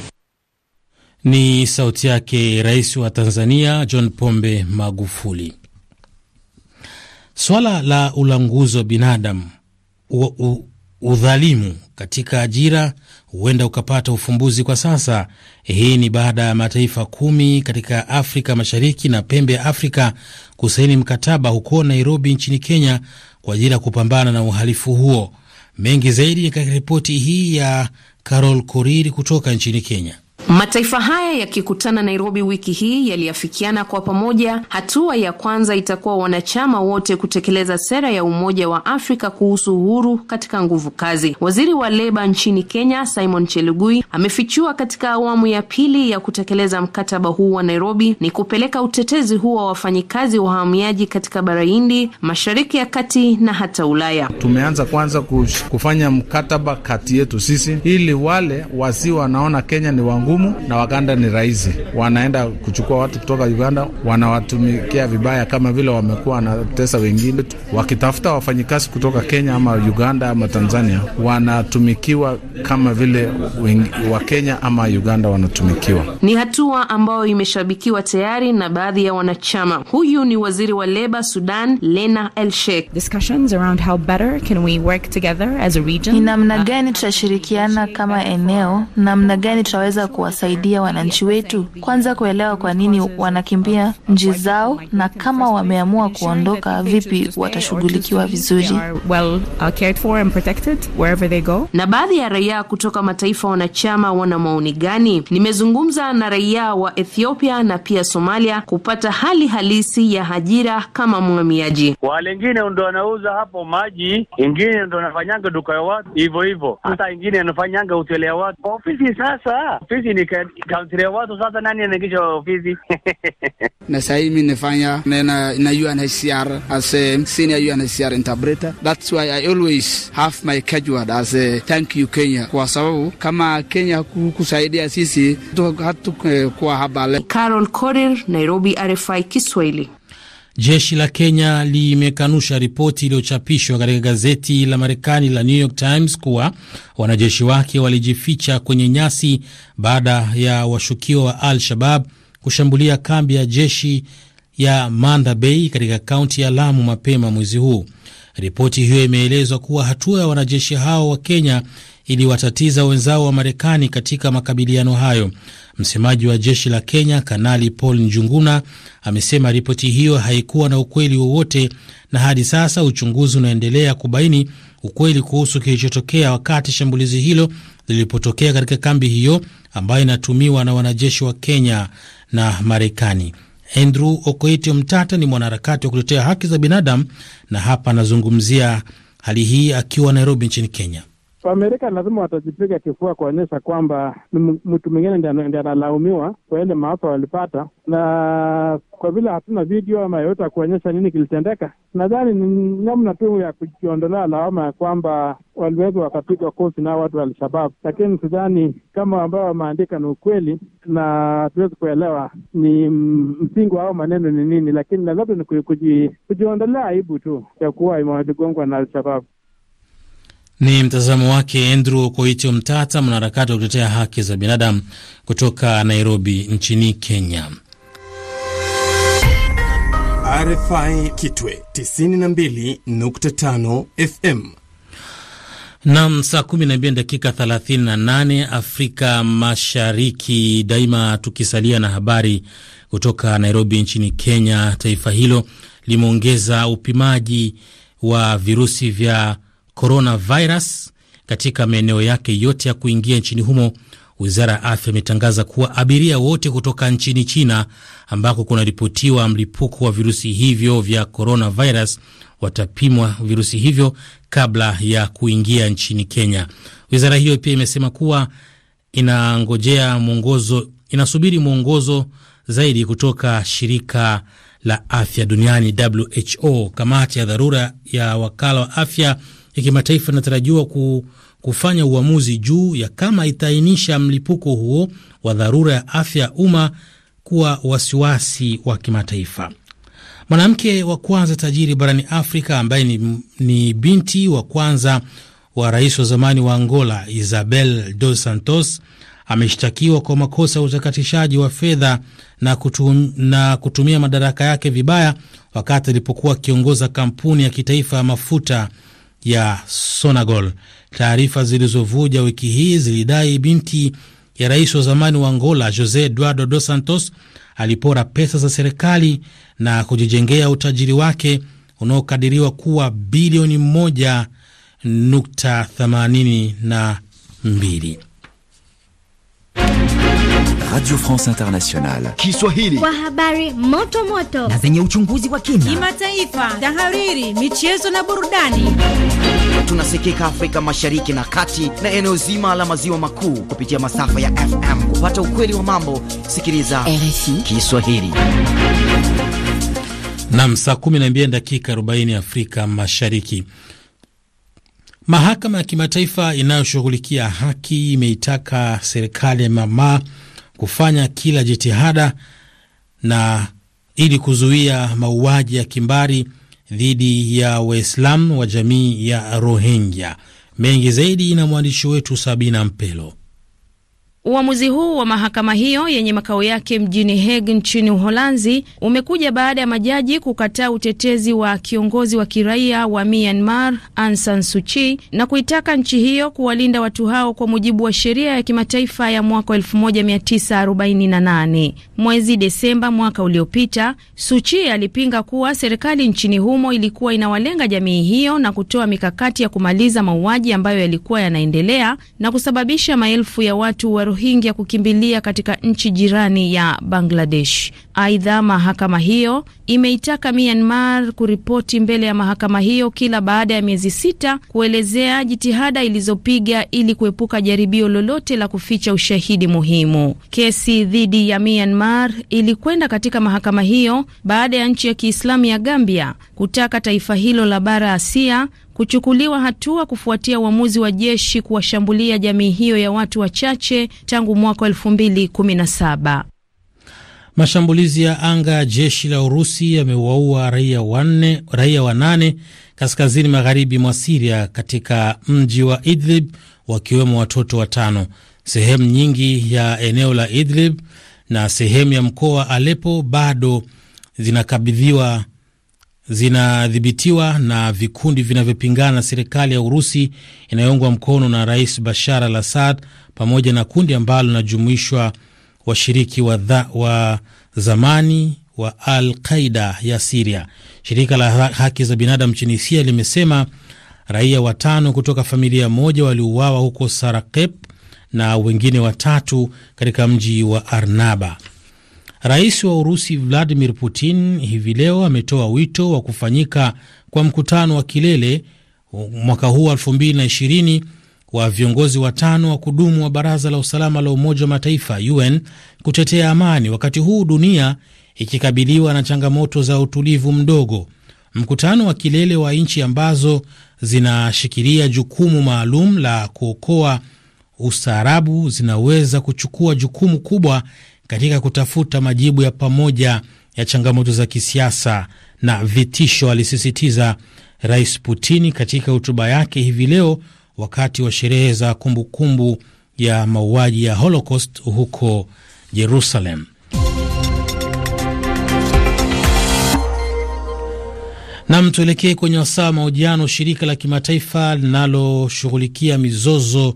Ni sauti yake Rais wa Tanzania John Pombe Magufuli. Swala la ulanguzi wa binadamu, udhalimu katika ajira huenda ukapata ufumbuzi kwa sasa. Hii ni baada ya mataifa kumi katika Afrika Mashariki na pembe ya Afrika kusaini mkataba huko Nairobi nchini Kenya kwa ajili ya kupambana na uhalifu huo. Mengi zaidi ni katika ripoti hii ya Carol Koriri kutoka nchini Kenya. Mataifa haya yakikutana Nairobi wiki hii yaliafikiana kwa pamoja, hatua ya kwanza itakuwa wanachama wote kutekeleza sera ya Umoja wa Afrika kuhusu uhuru katika nguvu kazi. Waziri wa leba nchini Kenya Simon Chelugui amefichua katika awamu ya pili ya kutekeleza mkataba huu wa Nairobi ni kupeleka utetezi huo wa wafanyikazi wahamiaji katika bara Hindi, Mashariki ya Kati na hata Ulaya. Tumeanza kwanza kufanya mkataba kati yetu sisi, ili wale wasi wanaona Kenya ni wangu ngumu na Waganda ni rahisi, wanaenda kuchukua watu kutoka Uganda, wanawatumikia vibaya, kama vile wamekuwa wanatesa wengine. Wakitafuta wafanyikazi kutoka Kenya ama Uganda ama Tanzania, wanatumikiwa kama vile wa Kenya ama Uganda wanatumikiwa. Ni hatua ambayo imeshabikiwa tayari na baadhi ya wanachama. Huyu ni waziri wa leba Sudan, Lena El Sheikh. Discussions around how better can we work together as a region. Ni namna gani tutashirikiana kama eneo, namna gani tutaweza kuwasaidia wananchi wetu, kwanza kuelewa kwa nini wanakimbia nchi zao, na kama wameamua kuondoka, vipi watashughulikiwa vizuri. Uh, na baadhi ya raia kutoka mataifa wanachama wana maoni gani? Nimezungumza na raia wa Ethiopia na pia Somalia kupata hali halisi ya ajira kama mhamiaji. Walengine ndo wanauza hapo maji, ingine ndo anafanyanga duka ya watu hivyo hivyo, hata ingine anafanyanga hoteli ya watu ofisi. Sasa ofisi ofisi ni kaunti watu sasa, nani anaingisha ofisi? na sasa mi nimefanya nena na UNHCR as a senior UNHCR interpreter, that's why I always have my keyword as a thank you Kenya, kwa sababu kama Kenya kukusaidia sisi hatukuwa habari. Carol Korir, Nairobi, RFI Kiswahili. Jeshi la Kenya limekanusha ripoti iliyochapishwa katika gazeti la Marekani la New York Times kuwa wanajeshi wake walijificha kwenye nyasi baada ya washukiwa wa Al-Shabab kushambulia kambi ya jeshi ya Mandha Bay katika kaunti ya Lamu mapema mwezi huu. Ripoti hiyo imeelezwa kuwa hatua ya wanajeshi hao wa Kenya iliwatatiza wenzao wa Marekani katika makabiliano hayo. Msemaji wa jeshi la Kenya, Kanali Paul Njunguna, amesema ripoti hiyo haikuwa na ukweli wowote, na hadi sasa uchunguzi unaendelea kubaini ukweli kuhusu kilichotokea wakati shambulizi hilo lilipotokea katika kambi hiyo ambayo inatumiwa na wanajeshi wa Kenya na Marekani. Andrew okoiti Mtata ni mwanaharakati wa kutetea haki za binadamu na hapa anazungumzia hali hii akiwa Nairobi nchini Kenya. Amerika lazima watajipiga kifua kuonyesha kwamba mtu mwingine ndiye analaumiwa kwa ile maafa walipata, na kwa vile hatuna video ama yoyote ya kuonyesha nini kilitendeka, nadhani ni namna tu ya kujiondolea lawama ya kwamba waliweza wakapigwa kofi nao watu wa Alshabab, lakini sidhani kama ambao wameandika ni ukweli, na hatuwezi kuelewa ni msingi wao maneno ni nini, lakini labda ni kujiondolea aibu tu ya kuwa imegongwa na alshababu ni mtazamo wake Andrew Koitio Mtata, mwanaharakati wa kutetea haki za binadamu kutoka Nairobi nchini Kenya. RFI Kitwe 92.5 FM nam saa 12 dakika 38 Afrika Mashariki. Daima tukisalia na habari kutoka Nairobi nchini Kenya, taifa hilo limeongeza upimaji wa virusi vya coronavirus katika maeneo yake yote ya kuingia nchini humo. Wizara ya afya imetangaza kuwa abiria wote kutoka nchini China ambako kunaripotiwa mlipuko wa virusi hivyo vya coronavirus watapimwa virusi hivyo kabla ya kuingia nchini Kenya. Wizara hiyo pia imesema kuwa inangojea mwongozo, inasubiri mwongozo zaidi kutoka shirika la afya duniani WHO, kamati ya dharura ya wakala wa afya ya kimataifa inatarajiwa kufanya uamuzi juu ya kama itaainisha mlipuko huo wa dharura ya afya ya umma kuwa wasiwasi wa kimataifa. Mwanamke wa kwanza tajiri barani Afrika ambaye ni, ni binti wa kwanza wa rais wa zamani wa Angola Isabel dos Santos ameshtakiwa kwa makosa ya utakatishaji wa fedha na, kutum, na kutumia madaraka yake vibaya wakati alipokuwa akiongoza kampuni ya kitaifa ya mafuta ya Sonagol. Taarifa zilizovuja wiki hii zilidai binti ya rais wa zamani wa Angola Jose Eduardo Dos Santos alipora pesa za serikali na kujijengea utajiri wake unaokadiriwa kuwa bilioni 1.82. Radio France Internationale Kiswahili kwa habari moto moto na zenye uchunguzi wa kina, kimataifa, tahariri, michezo na burudani. Tunasikika Afrika Mashariki na Kati na eneo zima la maziwa makuu kupitia masafa ya FM. Kupata ukweli wa mambo, sikiliza RFI Kiswahili. Nam, saa 12 dakika 40 Afrika Mashariki. Mahakama ya kimataifa inayoshughulikia haki imeitaka serikali ya Myanmar kufanya kila jitihada na ili kuzuia mauaji ya kimbari dhidi ya Waislamu wa jamii ya Rohingya. Mengi zaidi na mwandishi wetu Sabina Mpelo. Uamuzi huu wa mahakama hiyo yenye makao yake mjini Hague nchini Uholanzi umekuja baada ya majaji kukataa utetezi wa kiongozi wa kiraia wa Myanmar Aung San Suu Kyi na kuitaka nchi hiyo kuwalinda watu hao kwa mujibu wa sheria ya kimataifa ya mwaka 1948. Mwezi Desemba mwaka uliopita, Suu Kyi alipinga kuwa serikali nchini humo ilikuwa inawalenga jamii hiyo na kutoa mikakati ya kumaliza mauaji ambayo yalikuwa yanaendelea na kusababisha maelfu ya watu Rohingya kukimbilia katika nchi jirani ya Bangladesh. Aidha, mahakama hiyo imeitaka Myanmar kuripoti mbele ya mahakama hiyo kila baada ya miezi sita kuelezea jitihada ilizopiga ili kuepuka jaribio lolote la kuficha ushahidi muhimu. Kesi dhidi ya Myanmar ilikwenda katika mahakama hiyo baada ya nchi ya Kiislamu ya Gambia kutaka taifa hilo la bara Asia kuchukuliwa hatua kufuatia uamuzi wa jeshi kuwashambulia jamii hiyo ya watu wachache tangu mwaka saba. Mashambulizi ya anga ya jeshi la Urusi yamewaua raia wanne, raia wanane kaskazini magharibi mwa Siria katika mji wa Idlib wakiwemo watoto watano. Sehemu nyingi ya eneo la Idlib na sehemu ya mkoa wa Alepo bado zinakabidhiwa zinadhibitiwa na vikundi vinavyopingana na serikali ya Urusi inayoungwa mkono na Rais Bashar al Assad pamoja na kundi ambalo linajumuishwa washiriki wa, wa zamani wa Al Qaida ya Siria. Shirika la haki za binadamu nchini Siria limesema raia watano kutoka familia moja waliuawa huko Sarakep na wengine watatu katika mji wa Arnaba. Rais wa Urusi Vladimir Putin hivi leo ametoa wito wa kufanyika kwa mkutano wa kilele mwaka huu 2020 wa viongozi watano wa kudumu wa Baraza la Usalama la Umoja wa Mataifa UN kutetea amani, wakati huu dunia ikikabiliwa na changamoto za utulivu mdogo. Mkutano wa kilele wa nchi ambazo zinashikilia jukumu maalum la kuokoa ustaarabu zinaweza kuchukua jukumu kubwa katika kutafuta majibu ya pamoja ya changamoto za kisiasa na vitisho, alisisitiza Rais Putin katika hotuba yake hivi leo wakati wa sherehe za kumbukumbu ya mauaji ya Holocaust huko Jerusalem. Nam, tuelekee kwenye wasaa wa mahojiano. Shirika la kimataifa linaloshughulikia mizozo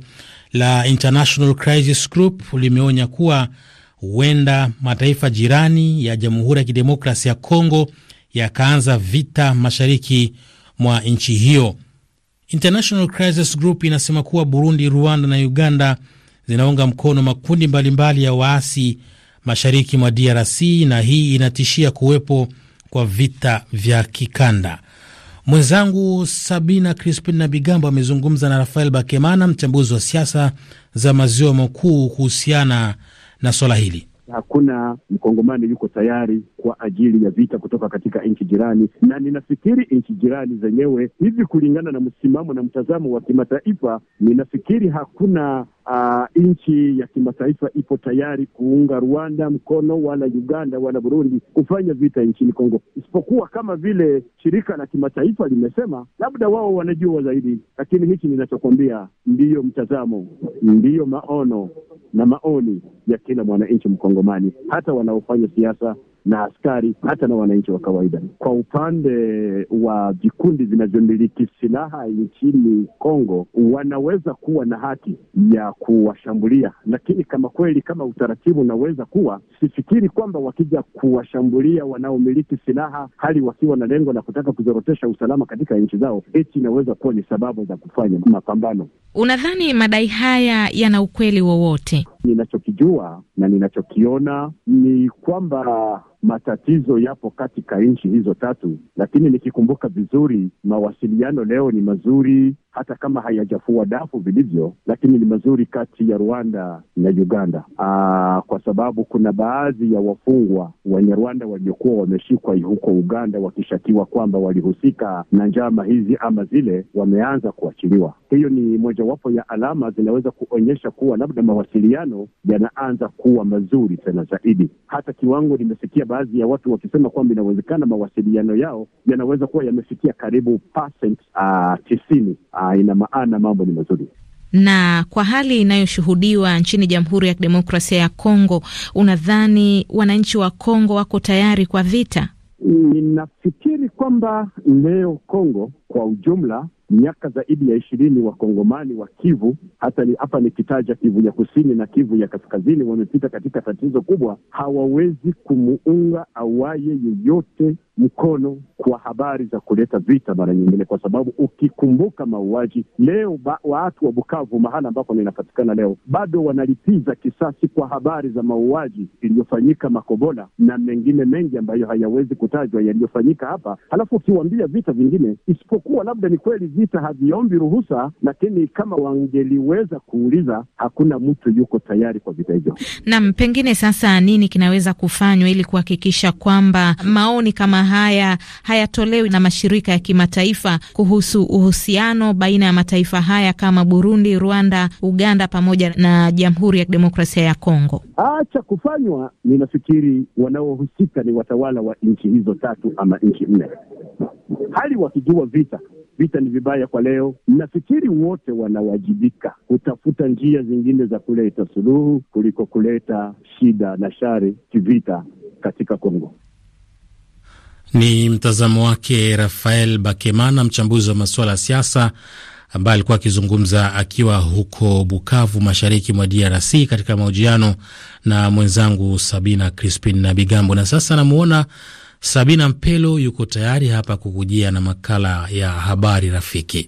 la International Crisis Group limeonya kuwa huenda mataifa jirani ya Jamhuri ya Kidemokrasi ya Kongo yakaanza vita mashariki mwa nchi hiyo. International Crisis Group inasema kuwa Burundi, Rwanda na Uganda zinaunga mkono makundi mbalimbali ya waasi mashariki mwa DRC na hii inatishia kuwepo kwa vita vya kikanda. Mwenzangu Sabina Crispin na Bigambo amezungumza na Rafael Bakemana, mchambuzi wa siasa za maziwa makuu kuhusiana na swala hili? hakuna mkongomani yuko tayari kwa ajili ya vita kutoka katika nchi jirani, na ninafikiri nchi jirani zenyewe hivi, kulingana na msimamo na mtazamo wa kimataifa, ninafikiri hakuna uh, nchi ya kimataifa ipo tayari kuunga Rwanda mkono wala Uganda wala Burundi kufanya vita nchini Kongo, isipokuwa kama vile shirika la kimataifa limesema, labda wao wanajua zaidi. Lakini hichi ninachokwambia ndiyo mtazamo, ndiyo maono na maoni ya kila mwananchi Mkongo. Wakongomani, hata wanaofanya siasa na askari, hata na wananchi wa kawaida. Kwa upande wa vikundi vinavyomiliki silaha nchini Kongo, wanaweza kuwa na haki ya kuwashambulia, lakini kama kweli, kama utaratibu unaweza kuwa, sifikiri kwamba wakija kuwashambulia wanaomiliki silaha, hali wakiwa na lengo la kutaka kuzorotesha usalama katika nchi zao, eti inaweza kuwa ni sababu za kufanya mapambano. Unadhani madai haya yana ukweli wowote? ninachokijua na ninachokiona ni kwamba matatizo yapo katika nchi hizo tatu, lakini nikikumbuka vizuri, mawasiliano leo ni mazuri, hata kama hayajafua dafu vilivyo, lakini ni mazuri kati ya Rwanda na Uganda. Aa, ah, kwa sababu kuna baadhi ya wafungwa wenye Rwanda waliokuwa wameshikwa huko Uganda wakishakiwa kwamba walihusika na njama hizi ama zile, wameanza kuachiliwa. Hiyo ni mojawapo ya alama zinaweza kuonyesha kuwa labda mawasiliano yanaanza kuwa mazuri tena zaidi. Hata kiwango nimesikia baadhi ya watu wakisema kwamba inawezekana mawasiliano yao yanaweza kuwa yamefikia karibu percent ah, tisini. Ah, ina maana mambo ni mazuri na kwa hali inayoshuhudiwa nchini Jamhuri ya Kidemokrasia ya Kongo, unadhani wananchi wa Kongo wako tayari kwa vita? Ninafikiri kwamba leo Kongo kwa ujumla miaka zaidi ya ishirini wakongomani wa Kivu hata ni hapa Kivu ya kusini na Kivu ya kaskazini wamepita katika tatizo kubwa, hawawezi kumuunga awaye yeyote mkono kwa habari za kuleta vita mara nyingine, kwa sababu ukikumbuka mauaji leo, watu wa Bukavu, mahala ambapo ninapatikana leo, bado wanalipiza kisasi kwa habari za mauaji iliyofanyika Makobola na mengine mengi ambayo hayawezi kutajwa yaliyofanyika hapa. Halafu ukiwaambia vita vingine, isipokuwa labda ni kweli vita haviombi ruhusa, lakini kama wangeliweza kuuliza, hakuna mtu yuko tayari kwa vita hivyo. Naam, pengine sasa nini kinaweza kufanywa ili kuhakikisha kwamba maoni kama haya hayatolewi na mashirika ya kimataifa kuhusu uhusiano baina ya mataifa haya kama Burundi, Rwanda, Uganda pamoja na Jamhuri ya Kidemokrasia ya Kongo. Acha kufanywa, ninafikiri wanaohusika ni watawala wa nchi hizo tatu ama nchi nne, hali wakijua vita vita ni vibaya kwa leo. Nafikiri wote wanawajibika kutafuta njia zingine za kuleta suluhu kuliko kuleta shida na shari kivita katika Kongo. Ni mtazamo wake Rafael Bakemana, mchambuzi wa masuala ya siasa, ambaye alikuwa akizungumza akiwa huko Bukavu, mashariki mwa DRC, katika mahojiano na mwenzangu Sabina Crispin na Bigambo. Na sasa namwona Sabina Mpelo yuko tayari hapa kukujia na makala ya habari rafiki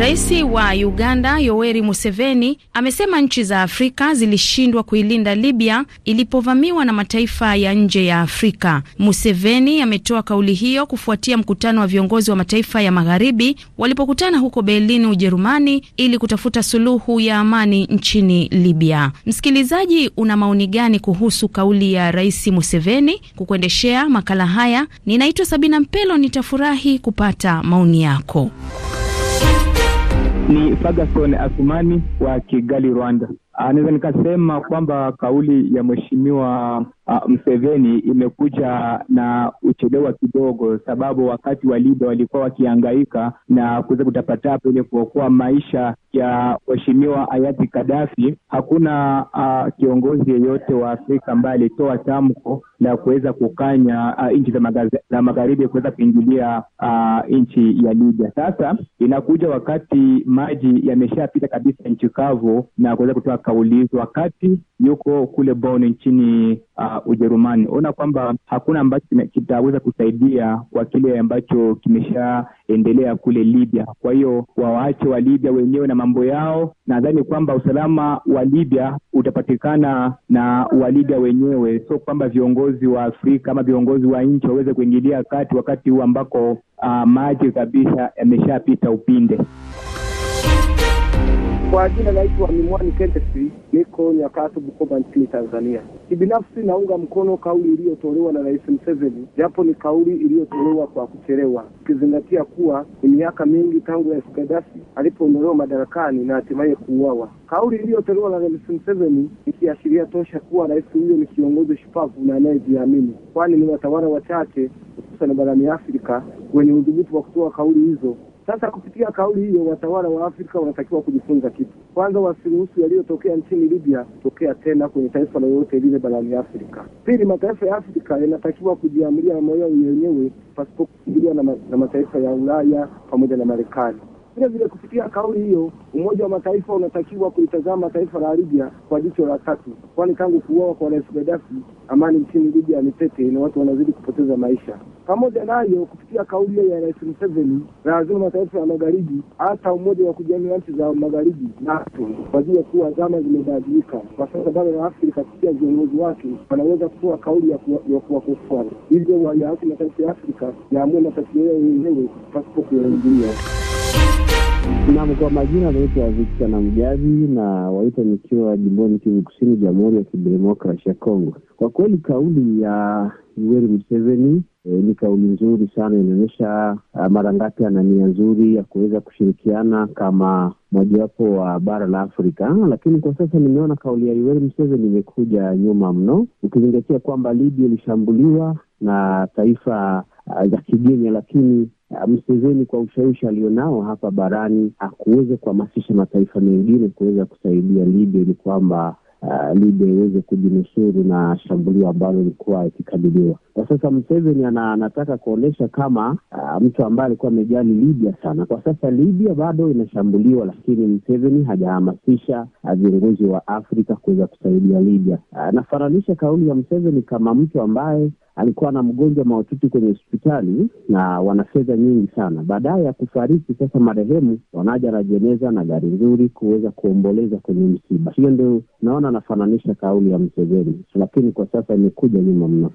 Rais wa Uganda Yoweri Museveni amesema nchi za Afrika zilishindwa kuilinda Libya ilipovamiwa na mataifa ya nje ya Afrika. Museveni ametoa kauli hiyo kufuatia mkutano wa viongozi wa mataifa ya magharibi walipokutana huko Berlin, Ujerumani, ili kutafuta suluhu ya amani nchini Libya. Msikilizaji, una maoni gani kuhusu kauli ya Rais Museveni? Kukuendeshea makala haya ninaitwa Sabina Mpelo, nitafurahi kupata maoni yako. Ni Ferguson Asumani wa Kigali, Rwanda. Ah, naweza nikasema kwamba kauli ya mheshimiwa uh, ah, Mseveni imekuja na uchelewa kidogo, sababu wakati wa Libya walikuwa wakiangaika na kuweza kutapatapa ili kuokoa maisha ya mheshimiwa hayati Kadafi. Hakuna uh, kiongozi yeyote wa Afrika ambaye alitoa tamko la kuweza kukanya uh, nchi za magharibi kuweza kuingilia uh, nchi ya Libya. Sasa inakuja wakati maji yameshapita kabisa nchi kavu na kuweza kutoa akaulizwa wakati yuko kule bon nchini uh, Ujerumani, ona kwamba hakuna ambacho kitaweza kusaidia kwa kile ambacho kimeshaendelea kule Libya. Kwa hiyo wawaache wa Libya wenyewe na mambo yao. Nadhani kwamba usalama wa Libya utapatikana na wa Libya wenyewe, sio kwamba viongozi wa Afrika ama viongozi wa nchi waweze kuingilia kati wakati huu ambako uh, maji kabisa yameshapita upinde. Kwa jina naitwa Mimwani Kentesi, niko Nyakato, Bukoba nchini Tanzania. Kibinafsi naunga mkono kauli iliyotolewa na Rais mseveni japo ni kauli iliyotolewa kwa kuchelewa, ukizingatia kuwa ni miaka mingi tangu Rais Gaddafi alipoondolewa madarakani na hatimaye kuuawa. Kauli iliyotolewa na Rais Museveni ikiashiria tosha kuwa rais huyo ni kiongozi shupavu na anayejiamini, kwani ni watawala wachache hususani barani Afrika wenye udhubutu wa kutoa kauli hizo sasa kupitia kauli hiyo, watawala wa Afrika wanatakiwa kujifunza kitu. Kwanza, wasiruhusu yaliyotokea nchini Libya kutokea tena kwenye taifa lolote lile barani Afrika. Pili, mataifa ya Afrika yanatakiwa kujiamulia moyo yenyewe pasipo kuingiliwa na, ma na mataifa ya Ulaya pamoja na Marekani. Vile vile kupitia kauli hiyo, Umoja wa Mataifa unatakiwa kulitazama taifa la Libya kwa jicho la tatu, kwani tangu kuuawa kwa Rais Gaddafi amani nchini Libya ni tete na watu wanazidi kupoteza maisha. Pamoja nayo, kupitia kauli hiyo ya Rais Museveni na lazima mataifa ya magharibi, hata umoja wa kujamia nchi za magharibi NATO, kwa ajili ya kuwa zama zimebadilika kwa sasa, bara la Afrika kupitia viongozi wake wanaweza kutoa kauli ya kuwakosoa, hivyo wayaasi mataifa ya Afrika yaamue matatizo yao wenyewe pasipo kuyaingilia. Nam, kwa majina anaitwa Victor na Mjazi na waita nikiwa jimboni Kivu Kusini, Jamhuri ya Kidemokrasi ya Kongo. Kwa kweli kauli ya Yoweri Museveni e, ni kauli nzuri sana, inaonyesha ah, mara ngapi ana nia nzuri ya kuweza kushirikiana kama mojawapo wa bara la Afrika, lakini kwa sasa nimeona kauli ya Yoweri Museveni imekuja nyuma mno, ukizingatia kwamba Libya ilishambuliwa na taifa ah, za kigeni, lakini Uh, mseveni kwa ushawishi alionao hapa barani akuweze kuhamasisha mataifa mengine kuweza kusaidia Libya ni kwamba Uh, Libya iweze kujinusuru na shambulio ambalo ilikuwa ikikabiliwa kwa sasa. mseveni anataka kuonyesha kama uh, mtu ambaye alikuwa amejali Libya sana. Kwa sasa Libya bado inashambuliwa, lakini mseveni hajahamasisha uh, viongozi wa Afrika kuweza kusaidia Libya. Anafananisha uh, nafananisha kauli ya mseveni kama mtu ambaye alikuwa na mgonjwa mahututi kwenye hospitali na wana fedha nyingi sana. Baadaye ya kufariki sasa, marehemu wanaja na jeneza na gari nzuri kuweza kuomboleza kwenye msiba. Hiyo ndio naona anafananisha kauli ya Mseveni, lakini kwa sasa imekuja nyuma mno.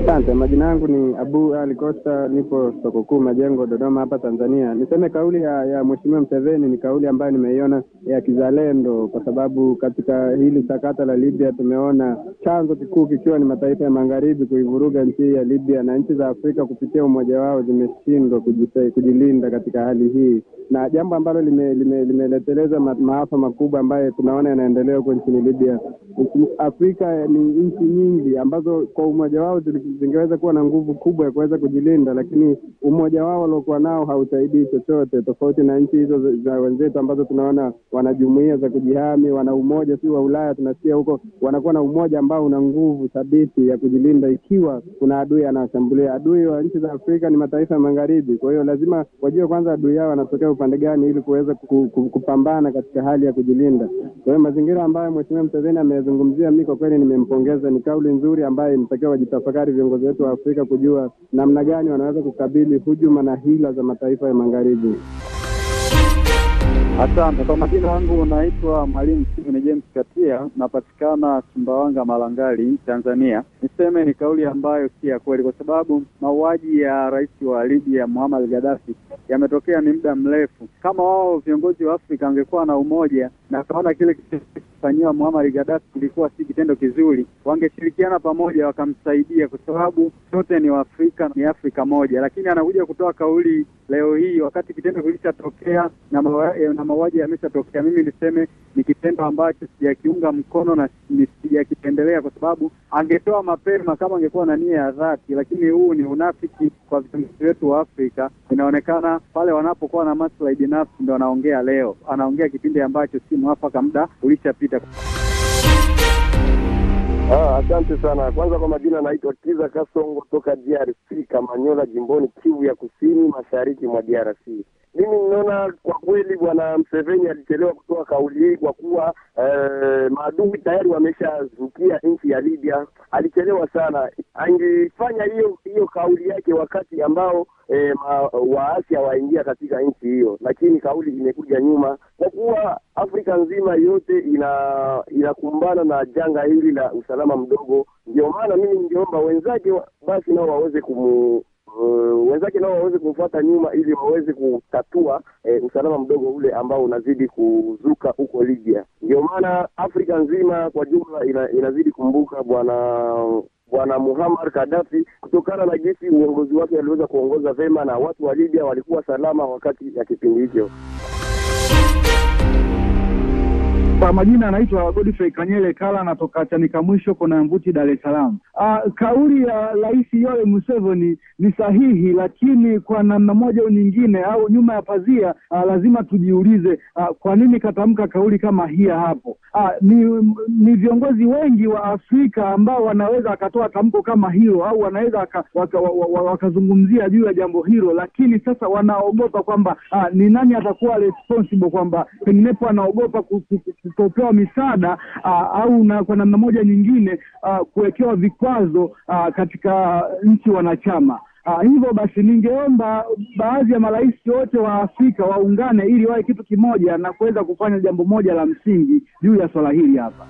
Asante, majina yangu ni Abu Ali Costa, nipo soko kuu Majengo, Dodoma hapa Tanzania. Niseme kauli ya, ya Mheshimiwa Mseveni ni kauli ambayo nimeiona ya kizalendo, kwa sababu katika hili sakata la Libya tumeona chanzo kikuu kikiwa ni mataifa ya magharibi kuivuruga nchi ya Libya, na nchi za Afrika kupitia umoja wao zimeshindwa kujilinda katika hali hii, na jambo ambalo limeleteleza lime, lime maafa makubwa ambayo tunaona yanaendelea huko nchini Libya. Afrika ni nchi nyingi ambazo kwa umoja wao zili zingeweza kuwa na nguvu kubwa ya kuweza kujilinda, lakini umoja wao waliokuwa nao hausaidii chochote, tofauti na nchi hizo za wenzetu ambazo tunaona wana jumuia za kujihami, wana umoja. Si wa Ulaya tunasikia huko wanakuwa na umoja ambao una nguvu thabiti ya kujilinda ikiwa kuna adui anawashambulia. Adui wa nchi za Afrika ni mataifa ya magharibi, kwa hiyo lazima wajue kwanza adui yao anatokea upande gani, ili kuweza kupambana katika hali ya kujilinda. Kwa hiyo mazingira ambayo Mheshimiwa Mseveni amezungumzia, mi kwa kweli nimempongeza, ni kauli nzuri ambayo inatakiwa wajitafakari vizuri viongozi wetu wa Afrika kujua namna gani wanaweza kukabili hujuma na hila za mataifa ya magharibi. Asante kwa majina yangu, naitwa Mwalimu Steven James Katia, napatikana Sumbawanga, Malangali, Tanzania. Niseme ni kauli ambayo si ya kweli, kwa sababu mauaji ya rais wa Libya Muammar Gaddafi yametokea ni muda mrefu. Kama wao viongozi wa Afrika wangekuwa na umoja na kaona kile kifanyiwa Muammar Gaddafi kilikuwa si kitendo kizuri, wangeshirikiana pamoja wakamsaidia, kwa sababu sote ni Waafrika, ni Afrika moja. Lakini anakuja kutoa kauli leo hii wakati kitendo kilishatokea na na mauaji yameshatokea. Mimi niseme ni kitendo ambacho sijakiunga mkono na sijakipendelea, kwa sababu angetoa mapema kama angekuwa na nia ya dhati, lakini huu ni unafiki kwa viongozi wetu wa Afrika. Inaonekana pale wanapokuwa na maslahi binafsi ndo anaongea Leo anaongea kipindi ambacho si mwafaka, muda ulishapita. Ah, asante sana. Kwanza kwa majina naitwa Kiza Kasongo toka DRC, Kamanyola, jimboni Kivu ya Kusini, mashariki mwa DRC. Mimi ninaona kwa kweli bwana Mseveni alichelewa kutoa kauli hii kwa kuwa eh, maadui tayari wameshazukia nchi ya Libya. Alichelewa sana, angefanya hiyo hiyo kauli yake wakati ambao eh, waasi hawaingia katika nchi hiyo, lakini kauli imekuja nyuma, kwa kuwa Afrika nzima yote ina inakumbana na janga hili la usalama mdogo. Ndio maana mimi ningeomba wenzake basi nao waweze kumu Eh, wenzake nao waweze kumfuata nyuma ili waweze kutatua e, usalama mdogo ule ambao unazidi kuzuka huko Libya. Ndio maana Afrika nzima kwa jumla ina, inazidi kumbuka bwana bwana muhamar kadafi kutokana na jinsi uongozi wake aliweza kuongoza vema na watu wa Libya walikuwa salama wakati ya kipindi hicho. Kwa majina anaitwa Godfrey Kanyele Kala, anatoka Chanika Mwisho, kona Mvuti, Dar es Salaam. Ah, kauli ya Rais Yoweri Museveni ni sahihi, lakini kwa namna moja au nyingine au nyuma ya pazia aa, ah, lazima tujiulize aa, ah, kwa nini katamka kauli kama hii hapo. Aa, ni, ni viongozi wengi wa Afrika ambao wanaweza wakatoa tamko kama hilo au wanaweza wakazungumzia waka, waka juu ya jambo hilo, lakini sasa wanaogopa kwamba ni nani atakuwa responsible, kwamba penginepo anaogopa kutopewa misaada uh, au na kwa namna moja nyingine uh, kuwekewa vikwazo uh, katika nchi wanachama. Uh, hivyo basi ningeomba baadhi ya marais wote wa Afrika waungane ili wawe kitu kimoja na kuweza kufanya jambo moja la msingi juu ya swala hili hapa.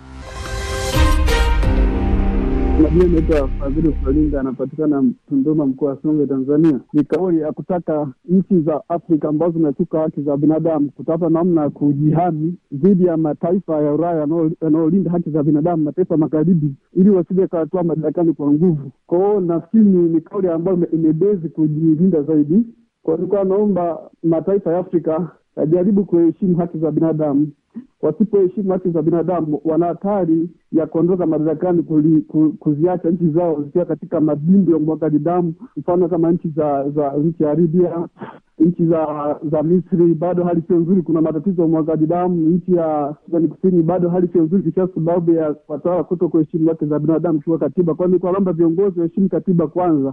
Majina naitwa Fadhili Solinga, anapatikana Tunduma, mkoa wa Songwe, Tanzania. Ni kauli ya kutaka nchi za Afrika ambazo zinakiuka haki za binadamu kutafuta namna ya kujihami dhidi ya mataifa ya Ulaya yanayolinda haki za binadamu, mataifa magharibi, ili wasije kawatoa madarakani kwa nguvu. Kwao hiyo nafikiri ni kauli ambayo imebezi kujilinda zaidi. Kwa hiyo naomba mataifa ya Afrika jaribu kuheshimu haki za binadamu. Wasipoheshimu haki za binadamu, wana hatari ya kuondoka madarakani, kuziacha nchi zao zikiwa katika madimbi ya umwagaji damu, mfano kama nchi za za nchi ya Libya, nchi za za Misri bado hali sio nzuri, kuna matatizo ya umwagaji damu. Nchi ya Sudani Kusini bado hali sio nzuri, kisha sababu ya watawala kuto kuheshimu haki za binadamu kiwa katiba. Kwani kwalamba viongozi waheshimu katiba kwanza.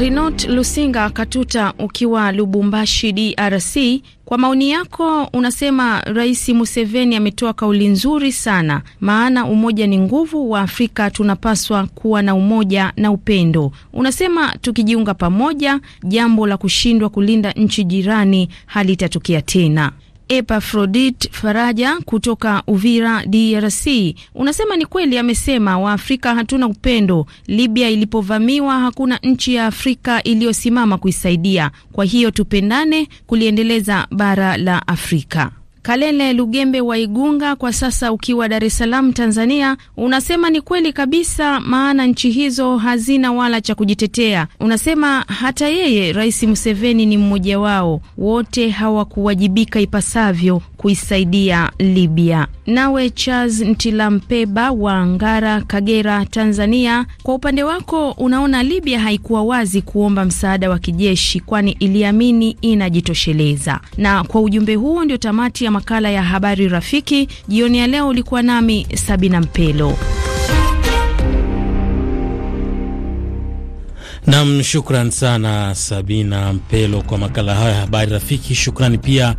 Rinot Lusinga Katuta ukiwa Lubumbashi, DRC, kwa maoni yako unasema Rais Museveni ametoa kauli nzuri sana, maana umoja ni nguvu. Wa Afrika tunapaswa kuwa na umoja na upendo. Unasema tukijiunga pamoja, jambo la kushindwa kulinda nchi jirani halitatokea tena. Epafrodit Faraja kutoka Uvira, DRC, unasema ni kweli, amesema Waafrika hatuna upendo. Libya ilipovamiwa hakuna nchi ya Afrika iliyosimama kuisaidia. Kwa hiyo tupendane kuliendeleza bara la Afrika. Kalele Lugembe wa Igunga, kwa sasa ukiwa Dar es Salaam, Tanzania, unasema ni kweli kabisa, maana nchi hizo hazina wala cha kujitetea. Unasema hata yeye Rais Museveni ni mmoja wao, wote hawakuwajibika ipasavyo kuisaidia Libya. Nawe Charles Ntilampeba wa Ngara, Kagera, Tanzania, kwa upande wako unaona Libya haikuwa wazi kuomba msaada wa kijeshi, kwani iliamini inajitosheleza. Na kwa ujumbe huo ndio tamati ya makala ya habari rafiki jioni ya leo. Ulikuwa nami Sabina Mpelo. Nam, shukran sana Sabina Mpelo kwa makala hayo ya habari rafiki. Shukrani pia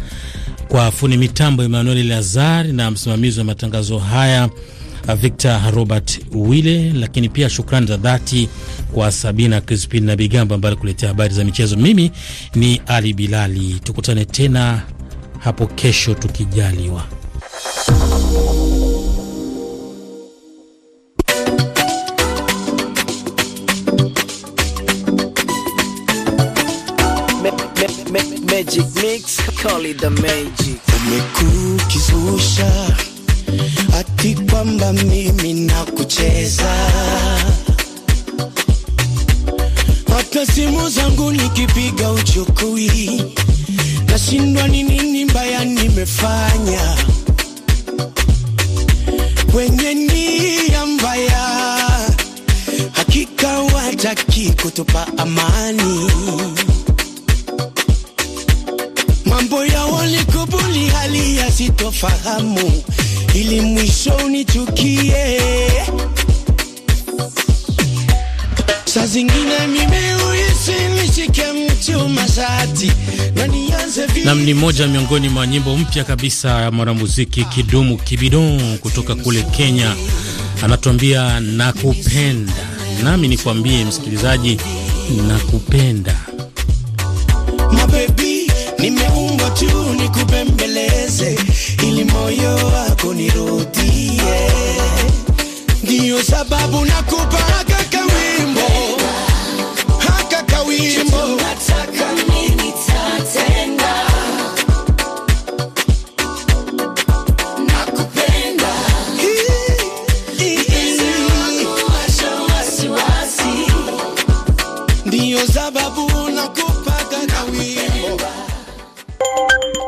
kwa fundi mitambo Emmanuel lazar na msimamizi wa matangazo haya uh, Victor Robert Wille, lakini pia shukrani za dhati kwa Sabina Crispin na Bigambo ambaye alikuletea habari za michezo. Mimi ni Ali Bilali, tukutane tena hapo kesho tukijaliwa. Magic Umekukizusha ati kwamba mimi nakucheza, hata simu zangu nikipiga uchukui nashindwa ni nini mbaya nimefanya, kwenye nia mbaya hakika wataki kutupa amani. Mambo ya walikubuli hali ya sitofahamu, ili mwisho unichukie Saa zingine nimeuhisi nishike mchuma shati na nianze vile. Nam ni moja miongoni mwa nyimbo mpya kabisa ya mwanamuziki Kidumu Kibidon kutoka kule Kenya, anatuambia nakupenda. Nami nikwambie msikilizaji, nakupenda mabebi, nimeumbwa tu nikupembeleze ili moyo wako nirudie Ndiyo sababu nakupa haka kawimbo haka kawimbo Ndiyo sababu